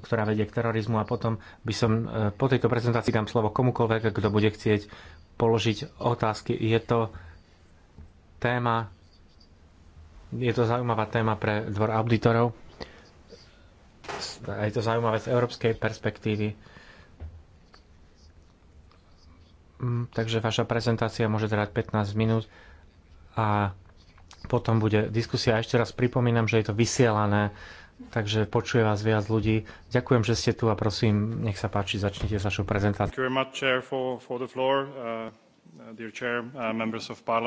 Speaker 4: ktorá vedie k terorizmu a potom by som po tejto prezentácii dám slovo komukoľvek, kto bude chcieť položiť otázky. Je to téma, je to zaujímavá téma pre dvor auditorov. Je to zaujímavé z európskej perspektívy. Mm, takže vaša prezentácia môže trvať 15 minút a potom bude diskusia. Ešte raz pripomínam, že je to vysielané takže počuje vás viac ľudí. Ďakujem, že ste tu a prosím, nech sa páči, začnite s vašou prezentáciou.
Speaker 2: Uh,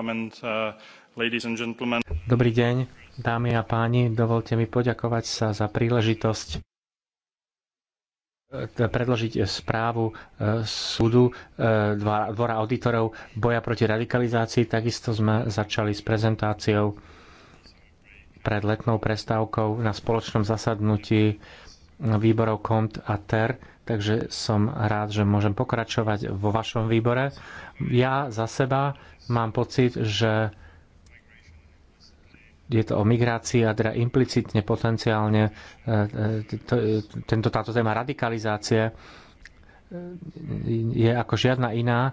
Speaker 2: uh, uh,
Speaker 4: Dobrý deň, dámy a páni, dovolte mi poďakovať sa za príležitosť teda predložiť správu súdu Dvora auditorov boja proti radikalizácii. Takisto sme začali s prezentáciou pred letnou prestávkou na spoločnom zasadnutí výborov KOMT a TER, takže som rád, že môžem pokračovať vo vašom výbore. Ja za seba mám pocit, že je to o migrácii a teda implicitne potenciálne e, e, e, tento, táto téma radikalizácie je ako žiadna iná,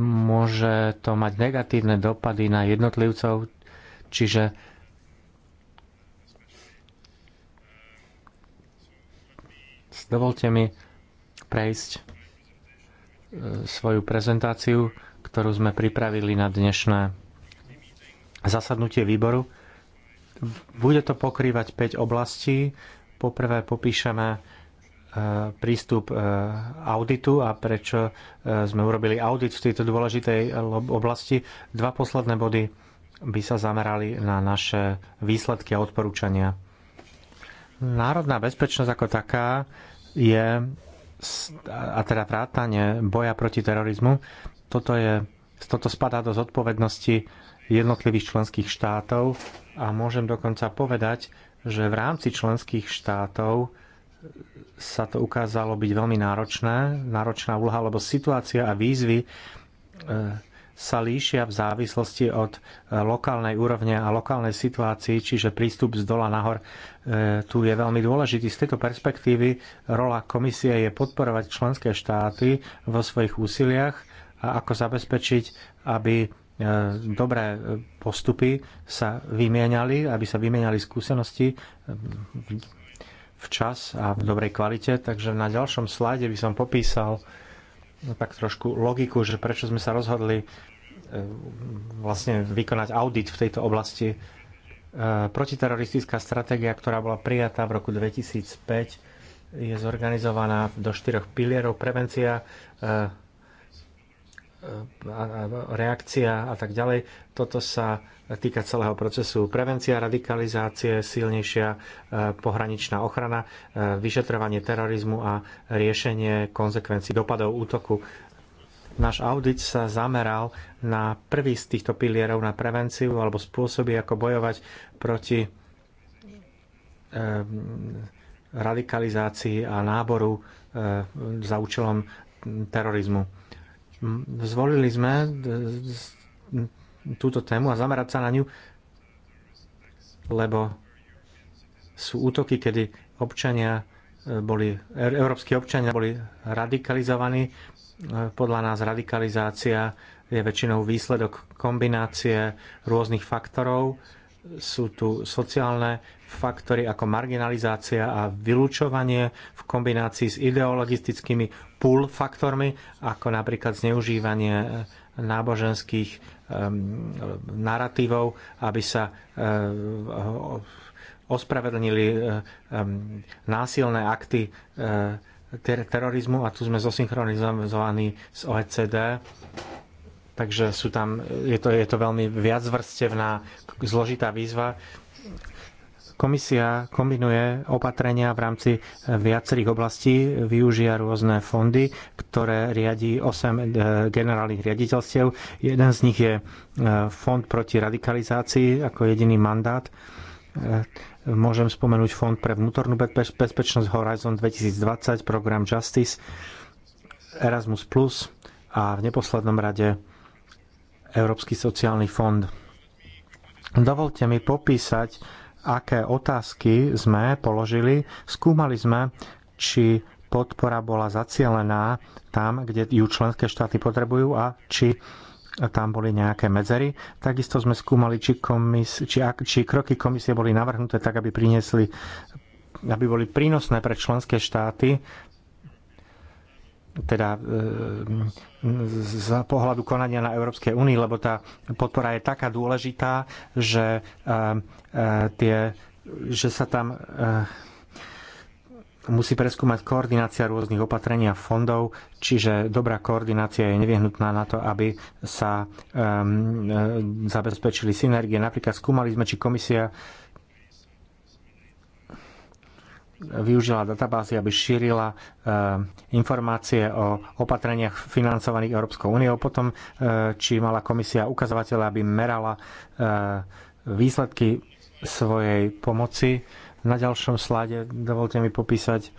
Speaker 4: môže to mať negatívne dopady na jednotlivcov, čiže Dovolte mi prejsť e, svoju prezentáciu, ktorú sme pripravili na dnešné zasadnutie výboru. Bude to pokrývať 5 oblastí. Poprvé popíšeme e, prístup e, auditu a prečo sme urobili audit v tejto dôležitej oblasti. Dva posledné body by sa zamerali na naše výsledky a odporúčania. Národná bezpečnosť ako taká je, a teda vrátanie boja proti terorizmu, toto, je, toto spadá do zodpovednosti jednotlivých členských štátov a môžem dokonca povedať, že v rámci členských štátov sa to ukázalo byť veľmi náročné, náročná úloha, lebo situácia a výzvy e, sa líšia v závislosti od e, lokálnej úrovne a lokálnej situácii, čiže prístup z dola nahor e, tu je veľmi dôležitý. Z tejto perspektívy rola komisie je podporovať členské štáty vo svojich úsiliach a ako zabezpečiť, aby e, dobré postupy sa vymieniali, aby sa vymieniali skúsenosti včas a v dobrej kvalite. Takže na ďalšom slajde by som popísal No tak trošku logiku, že prečo sme sa rozhodli e, vlastne vykonať audit v tejto oblasti. E, protiteroristická stratégia, ktorá bola prijatá v roku 2005, je zorganizovaná do štyroch pilierov. Prevencia, e, reakcia a tak ďalej. Toto sa týka celého procesu. Prevencia radikalizácie, silnejšia e, pohraničná ochrana, e, vyšetrovanie terorizmu a riešenie konsekvencií dopadov útoku. Náš audit sa zameral na prvý z týchto pilierov na prevenciu alebo spôsoby, ako bojovať proti e, radikalizácii a náboru za účelom terorizmu Zvolili sme e, túto tému a zamerať sa na ňu, lebo sú útoky, kedy občania e, boli, e, európsky občania boli radikalizovaní. Podľa nás radikalizácia je väčšinou výsledok kombinácie rôznych faktorov, sú tu sociálne faktory ako marginalizácia a vylúčovanie v kombinácii s ideologistickými pull faktormi, ako napríklad zneužívanie eh, náboženských um, narratívov, aby sa eh, ospravedlnili um, násilné akty ter terorizmu a tu sme zosynchronizovaní s OECD Takže sú tam, je, to, je to veľmi viacvrstevná, zložitá výzva. Komisia kombinuje opatrenia v rámci viacerých oblastí, využia rôzne fondy, ktoré riadi 8 eh, generálnych riaditeľstiev. Jeden z nich je eh, Fond proti radikalizácii ako jediný mandát. Eh, môžem spomenúť Fond pre vnútornú bezpečnosť Horizon 2020, program Justice, Erasmus Plus a v neposlednom rade Európsky sociálny fond. Dovolte mi popísať, aké otázky sme položili. Skúmali sme, či podpora bola zacielená tam, kde ju členské štáty potrebujú a či tam boli nejaké medzery. Takisto sme skúmali, či, komis, či, či kroky komisie boli navrhnuté tak, aby priniesli aby boli prínosné pre členské štáty teda e, z pohľadu konania na Európskej únii, lebo tá podpora je taká dôležitá, že, e, e, tie, že sa tam musí preskúmať koordinácia rôznych opatrení a fondov, čiže dobrá koordinácia je nevyhnutná na to, aby sa zabezpečili synergie. Napríklad skúmali sme, či komisia využila databázy, aby šírila eh, informácie o opatreniach financovaných Európskou úniou, potom eh, či mala komisia ukazovateľa, aby merala eh, výsledky svojej pomoci. Na ďalšom slade dovolte mi popísať,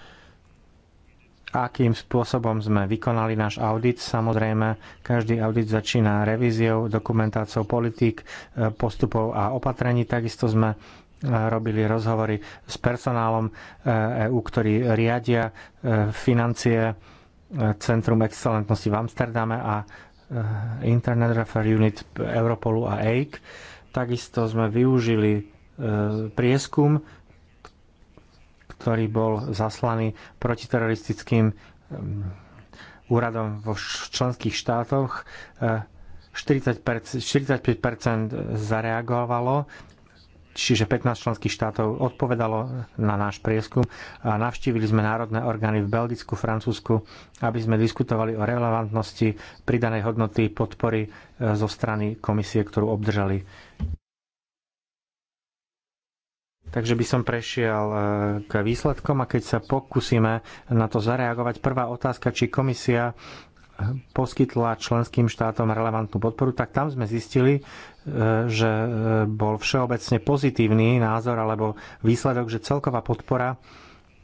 Speaker 4: akým spôsobom sme vykonali náš audit. Samozrejme, každý audit začína revíziou, dokumentáciou politík, postupov a opatrení. Takisto sme robili rozhovory s personálom EU, e ktorí riadia e, financie e, Centrum excelentnosti v Amsterdame a Internet Refer Unit Europolu a EIC. Takisto sme využili prieskum, ktorý bol zaslaný protiteroristickým úradom vo členských štátoch. 45% zareagovalo Čiže 15 členských štátov odpovedalo na náš prieskum a navštívili sme národné orgány v Belgicku, Francúzsku, aby sme diskutovali o relevantnosti pridanej hodnoty podpory e, zo strany komisie, ktorú obdržali. Takže by som prešiel e, k výsledkom a keď sa pokúsime na to zareagovať, prvá otázka, či komisia poskytla členským štátom relevantnú podporu, tak tam sme zistili, e, že e, bol všeobecne pozitívny názor alebo výsledok, že celková podpora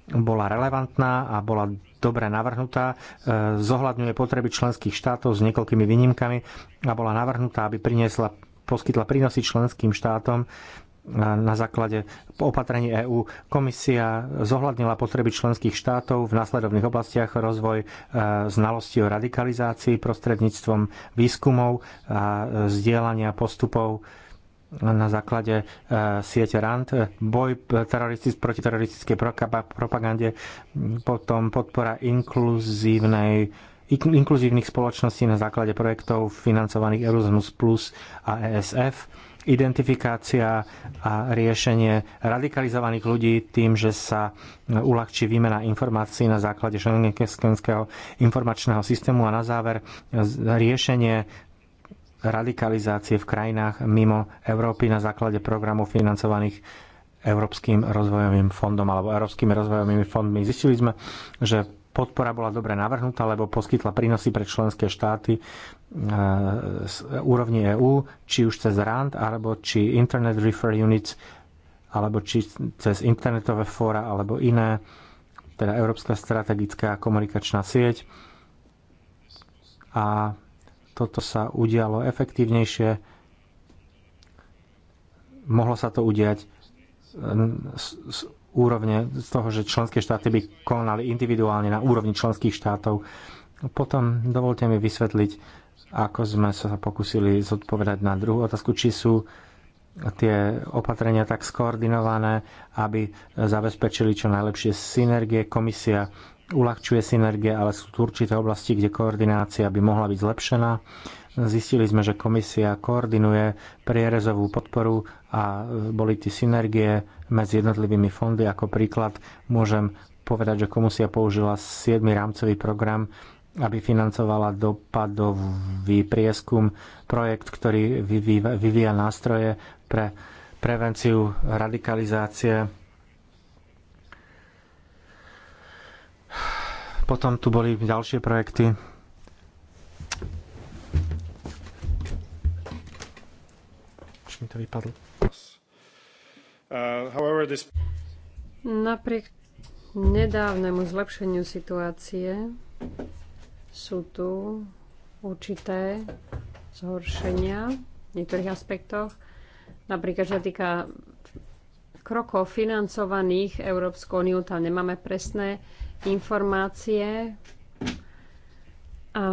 Speaker 4: bola relevantná a bola dobre navrhnutá, e, zohľadňuje potreby členských štátov s niekoľkými výnimkami a bola navrhnutá, aby priniesla, poskytla prínosy členským štátom na základe opatrení EÚ. Komisia zohľadnila potreby členských štátov v následovných oblastiach rozvoj e, znalosti o radikalizácii prostredníctvom výskumov a e, zdieľania postupov na základe e, siete RAND, boj terorist, proti teroristickej propagande, potom podpora inkluzívnej inkluzívnych spoločností na základe projektov financovaných Erasmus Plus a ESF identifikácia a riešenie radikalizovaných ľudí tým, že sa uľahčí výmena informácií na základe šengenského informačného systému a na záver riešenie radikalizácie v krajinách mimo Európy na základe programov financovaných Európskym rozvojovým fondom alebo Európskymi rozvojovými fondmi. Zistili sme, že podpora bola dobre navrhnutá, lebo poskytla prínosy pre členské štáty z úrovni EÚ, či už cez RAND, alebo či Internet Refer Units, alebo či cez internetové fóra, alebo iné, teda Európska strategická komunikačná sieť. A toto sa udialo efektívnejšie. Mohlo sa to udiať e, z, z úrovne z toho, že členské štáty by konali individuálne na úrovni členských štátov. Potom dovolte mi vysvetliť, ako sme sa pokúsili zodpovedať na druhú otázku, či sú tie opatrenia tak skoordinované, aby zabezpečili čo najlepšie synergie. Komisia uľahčuje synergie, ale sú tu určité oblasti, kde koordinácia by mohla byť zlepšená. Zistili sme, že komisia koordinuje prierezovú podporu a boli tie synergie medzi jednotlivými fondy. Ako príklad môžem povedať, že komisia použila 7. rámcový program aby financovala dopadový prieskum, projekt, ktorý vyvíja, vyvíja nástroje pre prevenciu radikalizácie. Potom tu boli ďalšie projekty, mi to vypadlo.
Speaker 2: Uh,
Speaker 1: Napriek nedávnemu zlepšeniu situácie sú tu určité zhoršenia v niektorých aspektoch. Napríklad, čo sa týka krokov financovaných Európskou úniou, tam nemáme presné informácie. A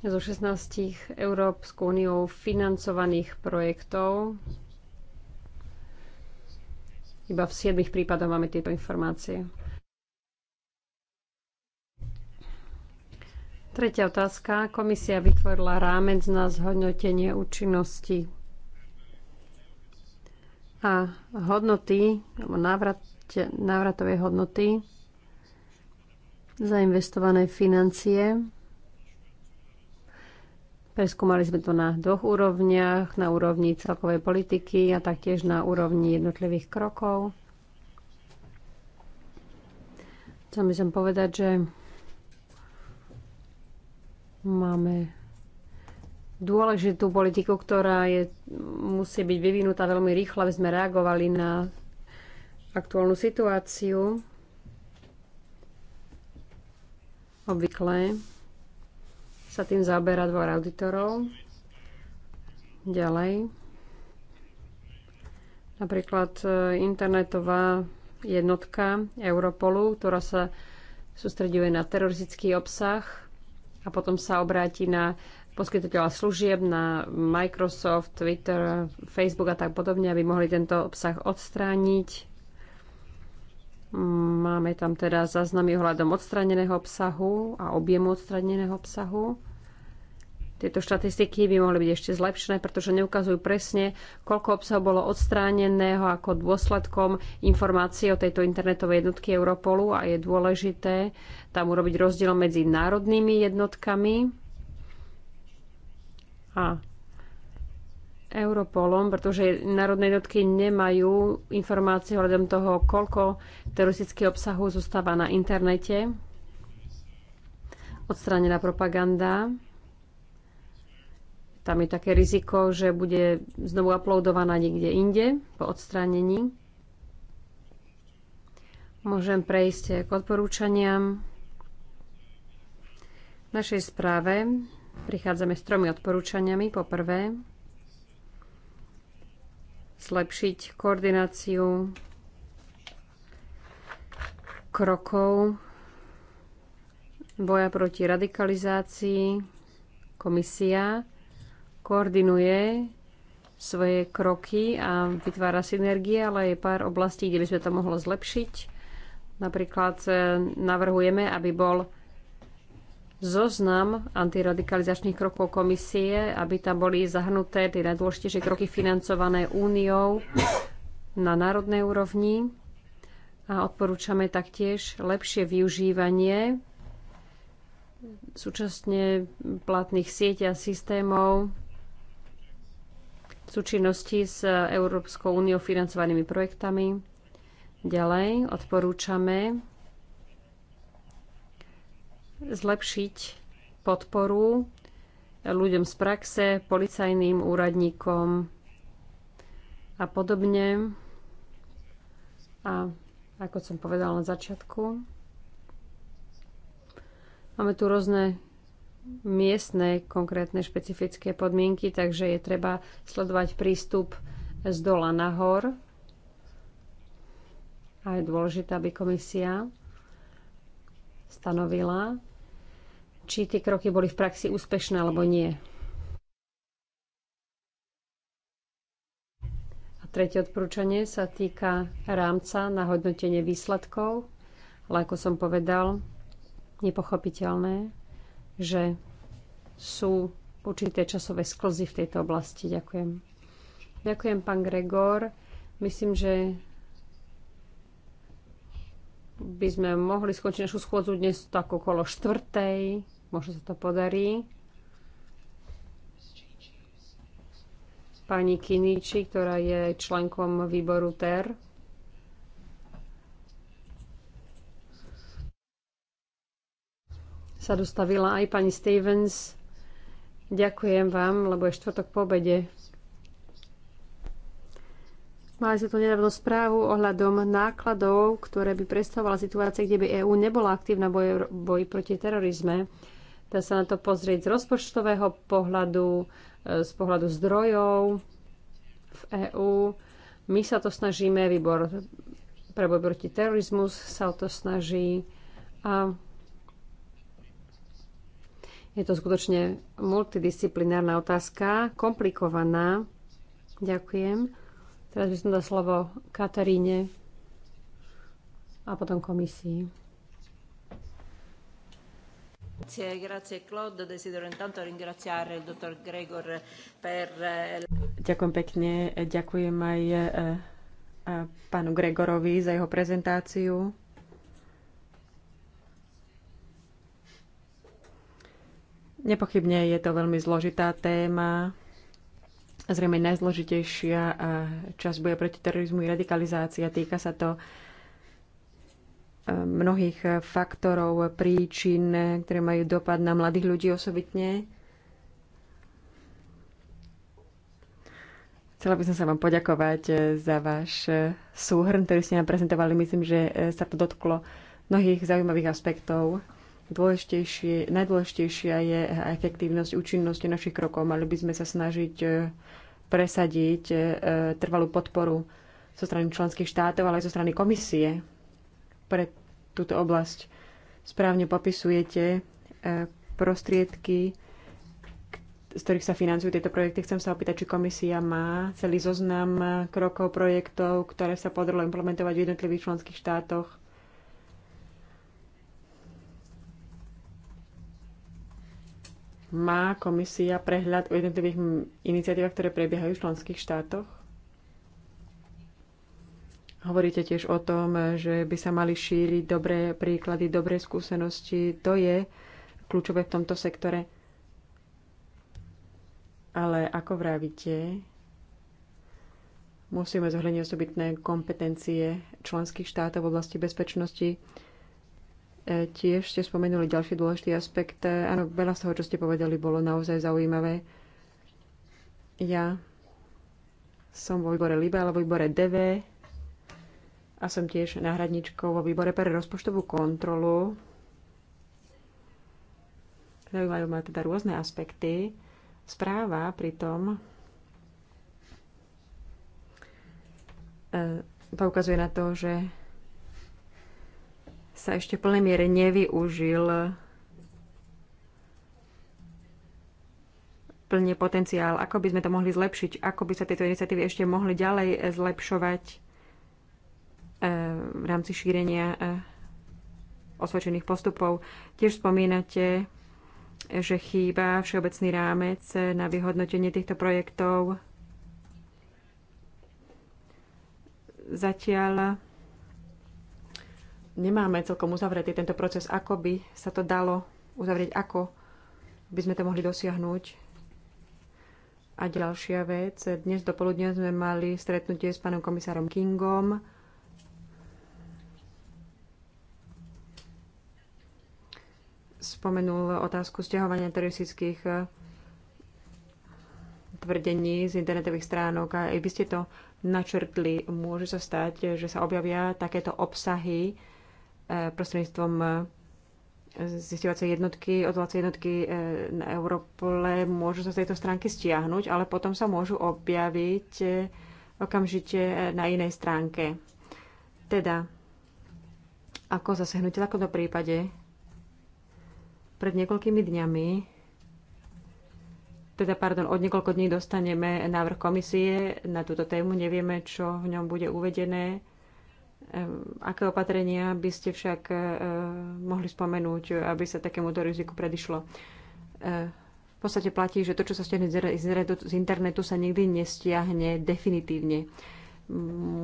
Speaker 1: zo 16 Európskou úniou financovaných projektov iba v 7 prípadoch máme tieto informácie. Tretia otázka. Komisia vytvorila rámec na zhodnotenie účinnosti a hodnoty, alebo návrat, návratové hodnoty zainvestované financie. Preskúmali sme to na dvoch úrovniach, na úrovni celkovej politiky a taktiež na úrovni jednotlivých krokov. Chcem by som povedať, že Máme dôležitú politiku, ktorá je, musí byť vyvinutá veľmi rýchlo, aby sme reagovali na aktuálnu situáciu. Obvykle sa tým zaoberá dvor auditorov. Ďalej. Napríklad e, internetová jednotka Europolu, ktorá sa sústreďuje na teroristický obsah a potom sa obráti na poskytovateľa služieb, na Microsoft, Twitter, Facebook a tak podobne, aby mohli tento obsah odstrániť. Máme tam teda záznamy ohľadom odstraneného obsahu a objemu odstraneného obsahu. Tieto štatistiky by mohli byť ešte zlepšené, pretože neukazujú presne, koľko obsahu bolo odstráneného ako dôsledkom informácií o tejto internetovej jednotky Europolu a je dôležité tam urobiť rozdiel medzi národnými jednotkami a Europolom, pretože národné jednotky nemajú informácie ohľadom toho, koľko teroristických obsahu zostáva na internete. Odstránená propaganda tam je také riziko, že bude znovu uploadovaná niekde inde po odstránení. Môžem prejsť k odporúčaniam. V našej správe prichádzame s tromi odporúčaniami. Po prvé, zlepšiť koordináciu krokov boja proti radikalizácii. Komisia koordinuje svoje kroky a vytvára synergie, ale je pár oblastí, kde by sme to mohlo zlepšiť. Napríklad e, navrhujeme, aby bol zoznam antiradikalizačných krokov komisie, aby tam boli zahrnuté tie najdôležitejšie kroky financované úniou na národnej úrovni. A odporúčame taktiež lepšie využívanie súčasne platných sieť a systémov v súčinnosti s Európskou úniou financovanými projektami. Ďalej odporúčame zlepšiť podporu ľuďom z praxe, policajným úradníkom a podobne. A ako som povedala na začiatku, máme tu rôzne miestne konkrétne špecifické podmienky, takže je treba sledovať prístup z dola nahor. A je dôležité, aby komisia stanovila, či tie kroky boli v praxi úspešné alebo nie. A tretie odporúčanie sa týka rámca na hodnotenie výsledkov, ale ako som povedal, nepochopiteľné, že sú určité časové sklzy v tejto oblasti. Ďakujem. Ďakujem, pán Gregor. Myslím, že by sme mohli skončiť našu schôdzu dnes tak okolo štvrtej. Možno sa to podarí. Pani Kiniči, ktorá je členkom výboru TER, sa dostavila aj pani Stevens. Ďakujem vám, lebo je štvrtok po obede. Mali sme tu nedávno správu ohľadom nákladov, ktoré by predstavovala situácia, kde by EÚ nebola aktívna v boji proti terorizme. Dá sa na to pozrieť z rozpočtového pohľadu, e, z pohľadu zdrojov v EÚ. My sa to snažíme, výbor pre boj proti terorizmus sa o to snaží a je to skutočne multidisciplinárna otázka, komplikovaná. Ďakujem. Teraz by som dal slovo Kataríne a potom komisii. Eh,
Speaker 3: Ďakujem pekne. Ďakujem aj eh, eh, pánu Gregorovi za jeho prezentáciu. Nepochybne je to veľmi zložitá téma, zrejme najzložitejšia časť boja proti terorizmu i radikalizácia. Týka sa to e, mnohých faktorov, príčin, ktoré majú dopad na mladých ľudí osobitne. Chcela by som sa vám poďakovať e, za váš e, súhrn, ktorý ste nám prezentovali. Myslím, že sa to dotklo mnohých zaujímavých aspektov najdôležitejšia je efektívnosť, účinnosť našich krokov. Mali by sme sa snažiť e, presadiť e, trvalú podporu zo so strany členských štátov, ale aj zo so strany komisie pre túto oblasť. Správne popisujete e, prostriedky, z ktorých sa financujú tieto projekty. Chcem sa opýtať, či komisia má celý zoznam krokov, projektov, ktoré sa podarilo implementovať v jednotlivých členských štátoch Má komisia prehľad o jednotlivých iniciatívach, ktoré prebiehajú v členských štátoch? Hovoríte tiež o tom, že by sa mali šíriť dobré príklady, dobré skúsenosti. To je kľúčové v tomto sektore. Ale ako vravíte, musíme zohľadniť osobitné kompetencie členských štátov v oblasti bezpečnosti E, tiež ste spomenuli ďalší dôležitý aspekt. E, áno, veľa z toho, čo ste povedali, bolo naozaj zaujímavé. Ja som vo výbore LIBE alebo výbore DV a som tiež náhradničkou vo výbore pre rozpočtovú kontrolu. Zaujímajú ma teda rôzne aspekty. Správa pritom e, poukazuje na to, že sa ešte v plnej miere nevyužil plne potenciál, ako by sme to mohli zlepšiť, ako by sa tieto iniciatívy ešte mohli ďalej e, zlepšovať e, v rámci šírenia e, osvedčených postupov. Tiež spomínate, že chýba všeobecný rámec na vyhodnotenie týchto projektov. Zatiaľ nemáme celkom uzavretý tento proces, ako by sa to dalo uzavrieť, ako by sme to mohli dosiahnuť. A ďalšia vec, dnes do poludnia sme mali stretnutie s pánom komisárom Kingom. Spomenul otázku stiahovania teroristických eh, tvrdení z internetových stránok a by ste to načrtli, môže sa stať, že sa objavia takéto obsahy E, prostredníctvom e, zistovacej jednotky, odvolacej jednotky e, na Europole môžu sa z tejto stránky stiahnuť, ale potom sa môžu objaviť okamžite na inej stránke. Teda, ako zasehnúť v takomto prípade? Pred niekoľkými dňami, teda pardon, od niekoľko dní dostaneme návrh komisie na túto tému, nevieme, čo v ňom bude uvedené Aké opatrenia by ste však e, mohli spomenúť, aby sa takémuto riziku predišlo? E, v podstate platí, že to, čo sa stiahne z internetu, sa nikdy nestiahne definitívne.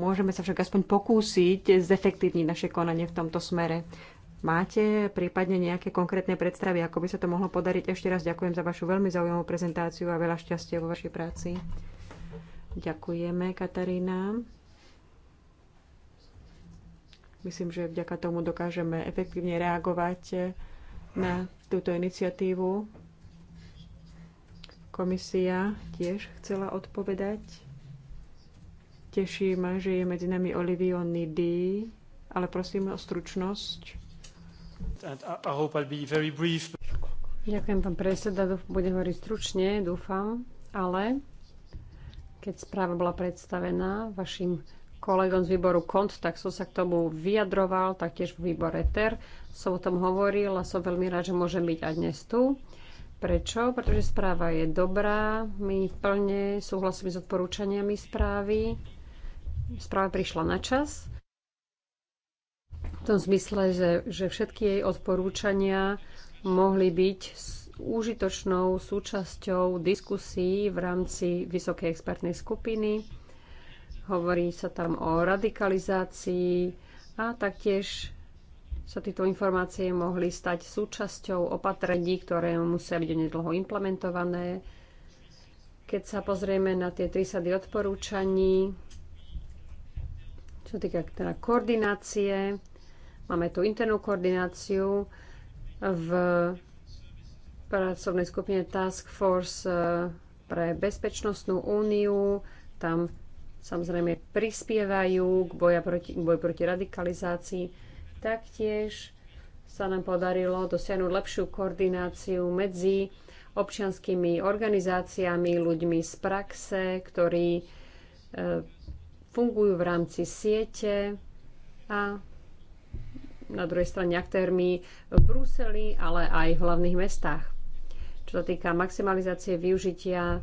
Speaker 3: Môžeme sa však aspoň pokúsiť zefektívniť naše konanie v tomto smere. Máte prípadne nejaké konkrétne predstavy, ako by sa to mohlo podariť? Ešte raz ďakujem za vašu veľmi zaujímavú prezentáciu a veľa šťastia vo vašej práci. Ďakujeme, Katarína. Myslím, že vďaka tomu dokážeme efektívne reagovať na túto iniciatívu. Komisia tiež chcela odpovedať. Teší ma, že je medzi nami Olivio Nidy, ale prosím o stručnosť. Ďakujem, pán predseda. Budem hovoriť
Speaker 1: stručne, dúfam, ale keď správa bola predstavená vašim kolegom z výboru KONT, tak som sa k tomu vyjadroval, taktiež v výbore TER som o tom hovoril a som veľmi rád, že môžem byť aj dnes tu. Prečo? Pretože správa je dobrá, my plne súhlasíme s odporúčaniami správy. Správa prišla na čas. V tom zmysle, že, že všetky jej odporúčania mohli byť užitočnou súčasťou diskusí v rámci Vysokej expertnej skupiny Hovorí sa tam o radikalizácii a taktiež sa tieto informácie mohli stať súčasťou opatrení, ktoré musia byť nedlho implementované. Keď sa pozrieme na tie sady odporúčaní, čo týka teda koordinácie, máme tu internú koordináciu v pracovnej skupine Task Force eh, pre bezpečnostnú úniu. Tam samozrejme prispievajú k, boju proti, boju proti radikalizácii. Taktiež sa nám podarilo dosiahnuť lepšiu koordináciu medzi občianskými organizáciami, ľuďmi z praxe, ktorí e, fungujú v rámci siete a na druhej strane aktérmi v Bruseli, ale aj v hlavných mestách. Čo sa týka maximalizácie využitia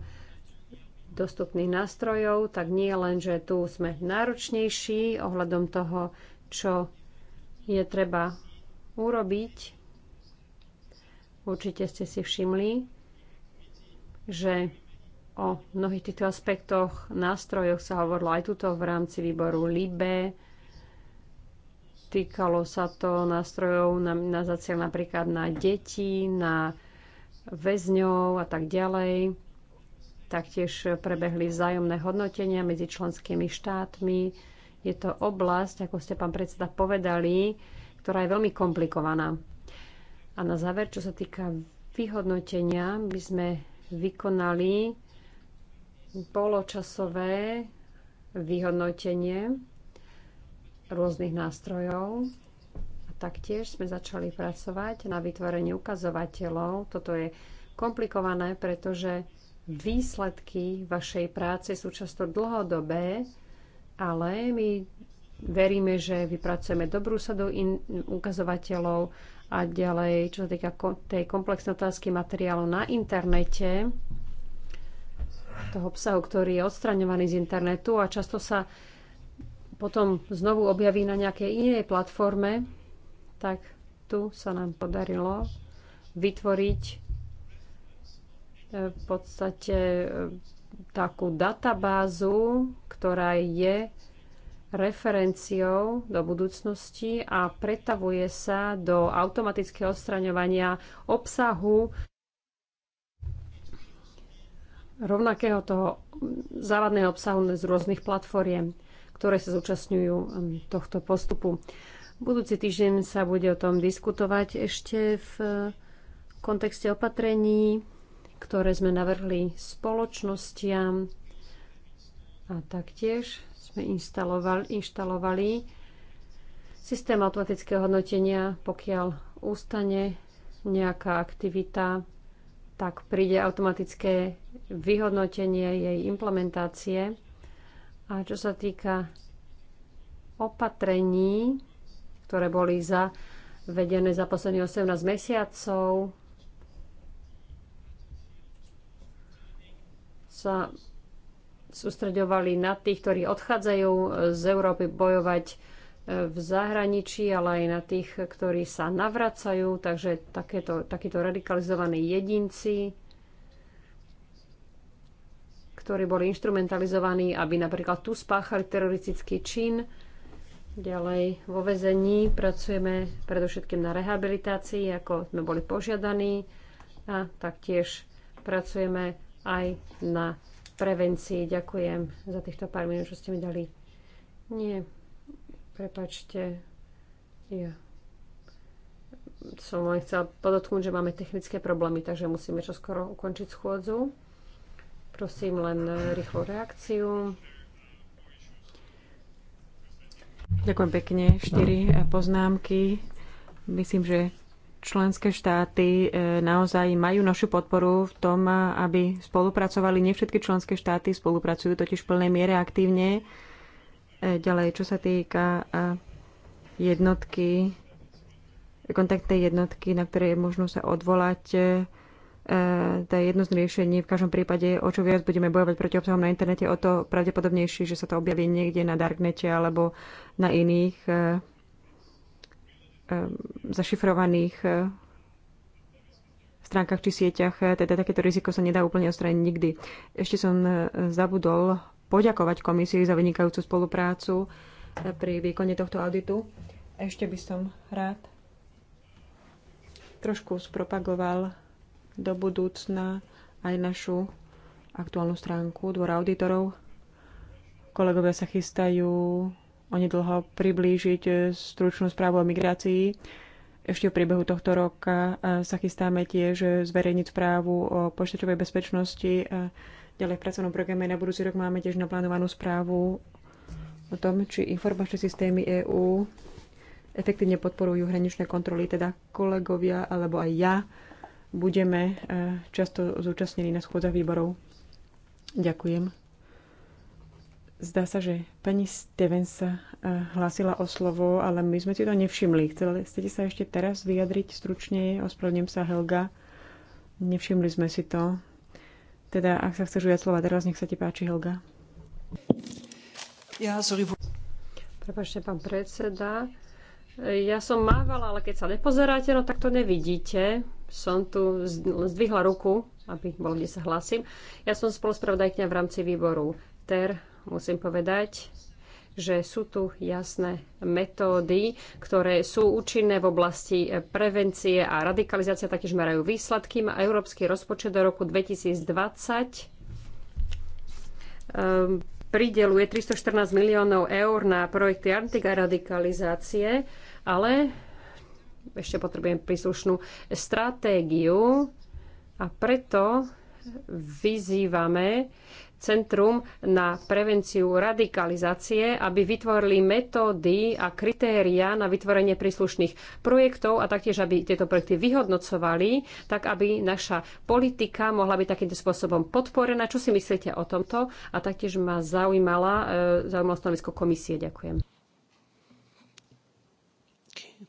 Speaker 1: dostupných nástrojov, tak nie len, že tu sme náročnejší ohľadom toho, čo je treba urobiť. Určite ste si všimli, že o mnohých týchto aspektoch, nástrojoch sa hovorilo aj tuto v rámci výboru LIBE. Týkalo sa to nástrojov na, na zaciel napríklad na deti, na väzňov a tak ďalej. Taktiež prebehli vzájomné hodnotenia medzi členskými štátmi. Je to oblasť, ako ste pán predseda povedali, ktorá je veľmi komplikovaná. A na záver, čo sa týka vyhodnotenia, by sme vykonali poločasové vyhodnotenie rôznych nástrojov. A taktiež sme začali pracovať na vytvorení ukazovateľov. Toto je komplikované, pretože výsledky vašej práce sú často dlhodobé, ale my veríme, že vypracujeme dobrú sadu in- ukazovateľov a ďalej, čo sa týka ko- tej komplexnej otázky materiálu na internete, toho obsahu, ktorý je odstraňovaný z internetu a často sa potom znovu objaví na nejakej inej platforme, tak tu sa nám podarilo vytvoriť E, v podstate e, takú databázu, ktorá je referenciou do budúcnosti a pretavuje sa do automatického odstraňovania obsahu rovnakého toho závadného obsahu z rôznych platformiem, ktoré sa zúčastňujú e, tohto postupu. Budúci týždeň sa bude o tom diskutovať ešte v kontexte opatrení ktoré sme navrhli spoločnostiam a taktiež sme inštalovali, inštalovali systém automatického hodnotenia, pokiaľ ústane nejaká aktivita, tak príde automatické vyhodnotenie jej implementácie. A čo sa týka opatrení, ktoré boli zavedené za posledných 18 mesiacov, sa sústreďovali na tých, ktorí odchádzajú z Európy bojovať e, v zahraničí, ale aj na tých, ktorí sa navracajú, takže takéto, takíto radikalizovaní jedinci, ktorí boli instrumentalizovaní, aby napríklad tu spáchali teroristický čin. Ďalej vo vezení pracujeme predovšetkým na rehabilitácii, ako sme boli požiadaní a taktiež pracujeme aj na prevencii. Ďakujem za týchto pár minút, čo ste mi dali. Nie, prepačte. Ja som len chcela podotknúť, že máme technické problémy, takže musíme čoskoro ukončiť schôdzu. Prosím len e, rýchlu reakciu.
Speaker 3: Ďakujem pekne. Štyri e, poznámky. Myslím, že členské štáty e, naozaj majú našu podporu v tom, aby spolupracovali. Nie všetky členské štáty spolupracujú totiž v plnej miere aktívne. E, ďalej, čo sa týka jednotky, kontaktnej jednotky, na ktorej je možno sa odvolať, e, to je jedno z riešení. V každom prípade, o čo viac budeme bojovať proti obsahom na internete, o to pravdepodobnejšie, že sa to objaví niekde na darknete alebo na iných zašifrovaných eh, stránkach či sieťach, eh, teda takéto riziko sa nedá úplne odstrániť nikdy. Ešte som eh, zabudol poďakovať komisii za vynikajúcu spoluprácu pri výkone tohto auditu. Ešte by som rád trošku spropagoval do budúcna aj našu aktuálnu stránku Dvor auditorov. Kolegovia sa chystajú onedlho priblížiť stručnú správu o migrácii. Ešte v priebehu tohto roka sa chystáme tiež zverejniť správu o počítačovej bezpečnosti. Ďalej v pracovnom programe na budúci rok máme tiež naplánovanú správu o tom, či informačné systémy EÚ efektívne podporujú hraničné kontroly, teda kolegovia alebo aj ja budeme často zúčastnení na schôdzach výborov. Ďakujem. Zdá sa, že pani Stevens sa e, hlásila o slovo, ale my sme si to nevšimli. Chceli ste sa ešte teraz vyjadriť stručne? Ospravedlňujem sa, Helga. Nevšimli sme si to. Teda, ak sa chceš ujať slova teraz, nech sa ti páči, Helga. Ja,
Speaker 1: sorry. Prepačte, pán predseda. Ja som mávala, ale keď sa nepozeráte, no tak to nevidíte. Som tu zdvihla ruku, aby bol, kde sa hlasím. Ja som spoluspravodajkňa v rámci výboru TER musím povedať, že sú tu jasné metódy, ktoré sú účinné v oblasti prevencie a radikalizácia, taktiež merajú výsledky. Má európsky rozpočet do roku 2020 um, ehm, prideluje 314 miliónov eur na projekty antiradikalizácie, ale ešte potrebujem príslušnú stratégiu a preto vyzývame Centrum na prevenciu radikalizácie, aby vytvorili metódy a kritéria na vytvorenie príslušných projektov a taktiež, aby tieto projekty vyhodnocovali, tak aby naša politika mohla byť takýmto spôsobom podporená. Čo si myslíte o tomto? A taktiež ma zaujímala, e, zaujímalo stanovisko
Speaker 3: komisie. Ďakujem.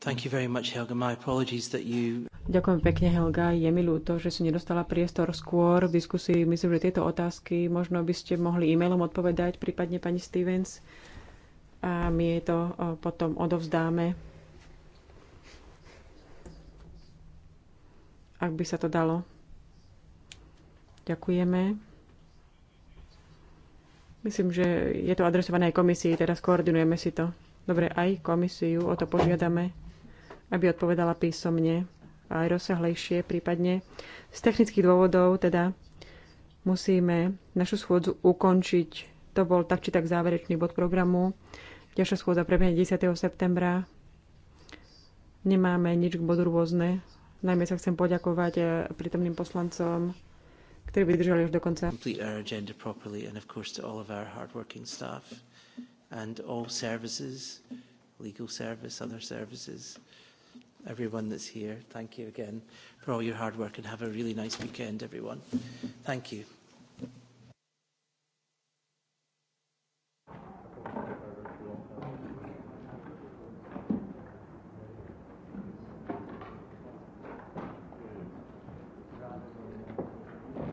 Speaker 2: Thank you very much, Helga. My apologies that you...
Speaker 3: Ďakujem pekne, Helga. Je mi ľúto, že som nedostala priestor skôr v diskusii. Myslím, že tieto otázky možno by ste mohli e-mailom odpovedať, prípadne pani Stevens. A my jej to potom odovzdáme. Ak by sa to dalo. Ďakujeme. Myslím, že je to adresované aj komisii, teraz koordinujeme si to. Dobre, aj komisiu o to požiadame aby odpovedala písomne aj rozsahlejšie prípadne. Z technických dôvodov teda musíme našu schôdzu ukončiť. To bol tak či tak záverečný bod programu. Ďalšia schôdza prebehne 10. septembra. Nemáme nič k bodu rôzne. Najmä sa chcem poďakovať eh, prítomným poslancom, ktorí
Speaker 2: vydržali už do konca. And all services, legal service, other services everyone that's here. Thank you again for all your hard work and have a really nice weekend, everyone. Thank you.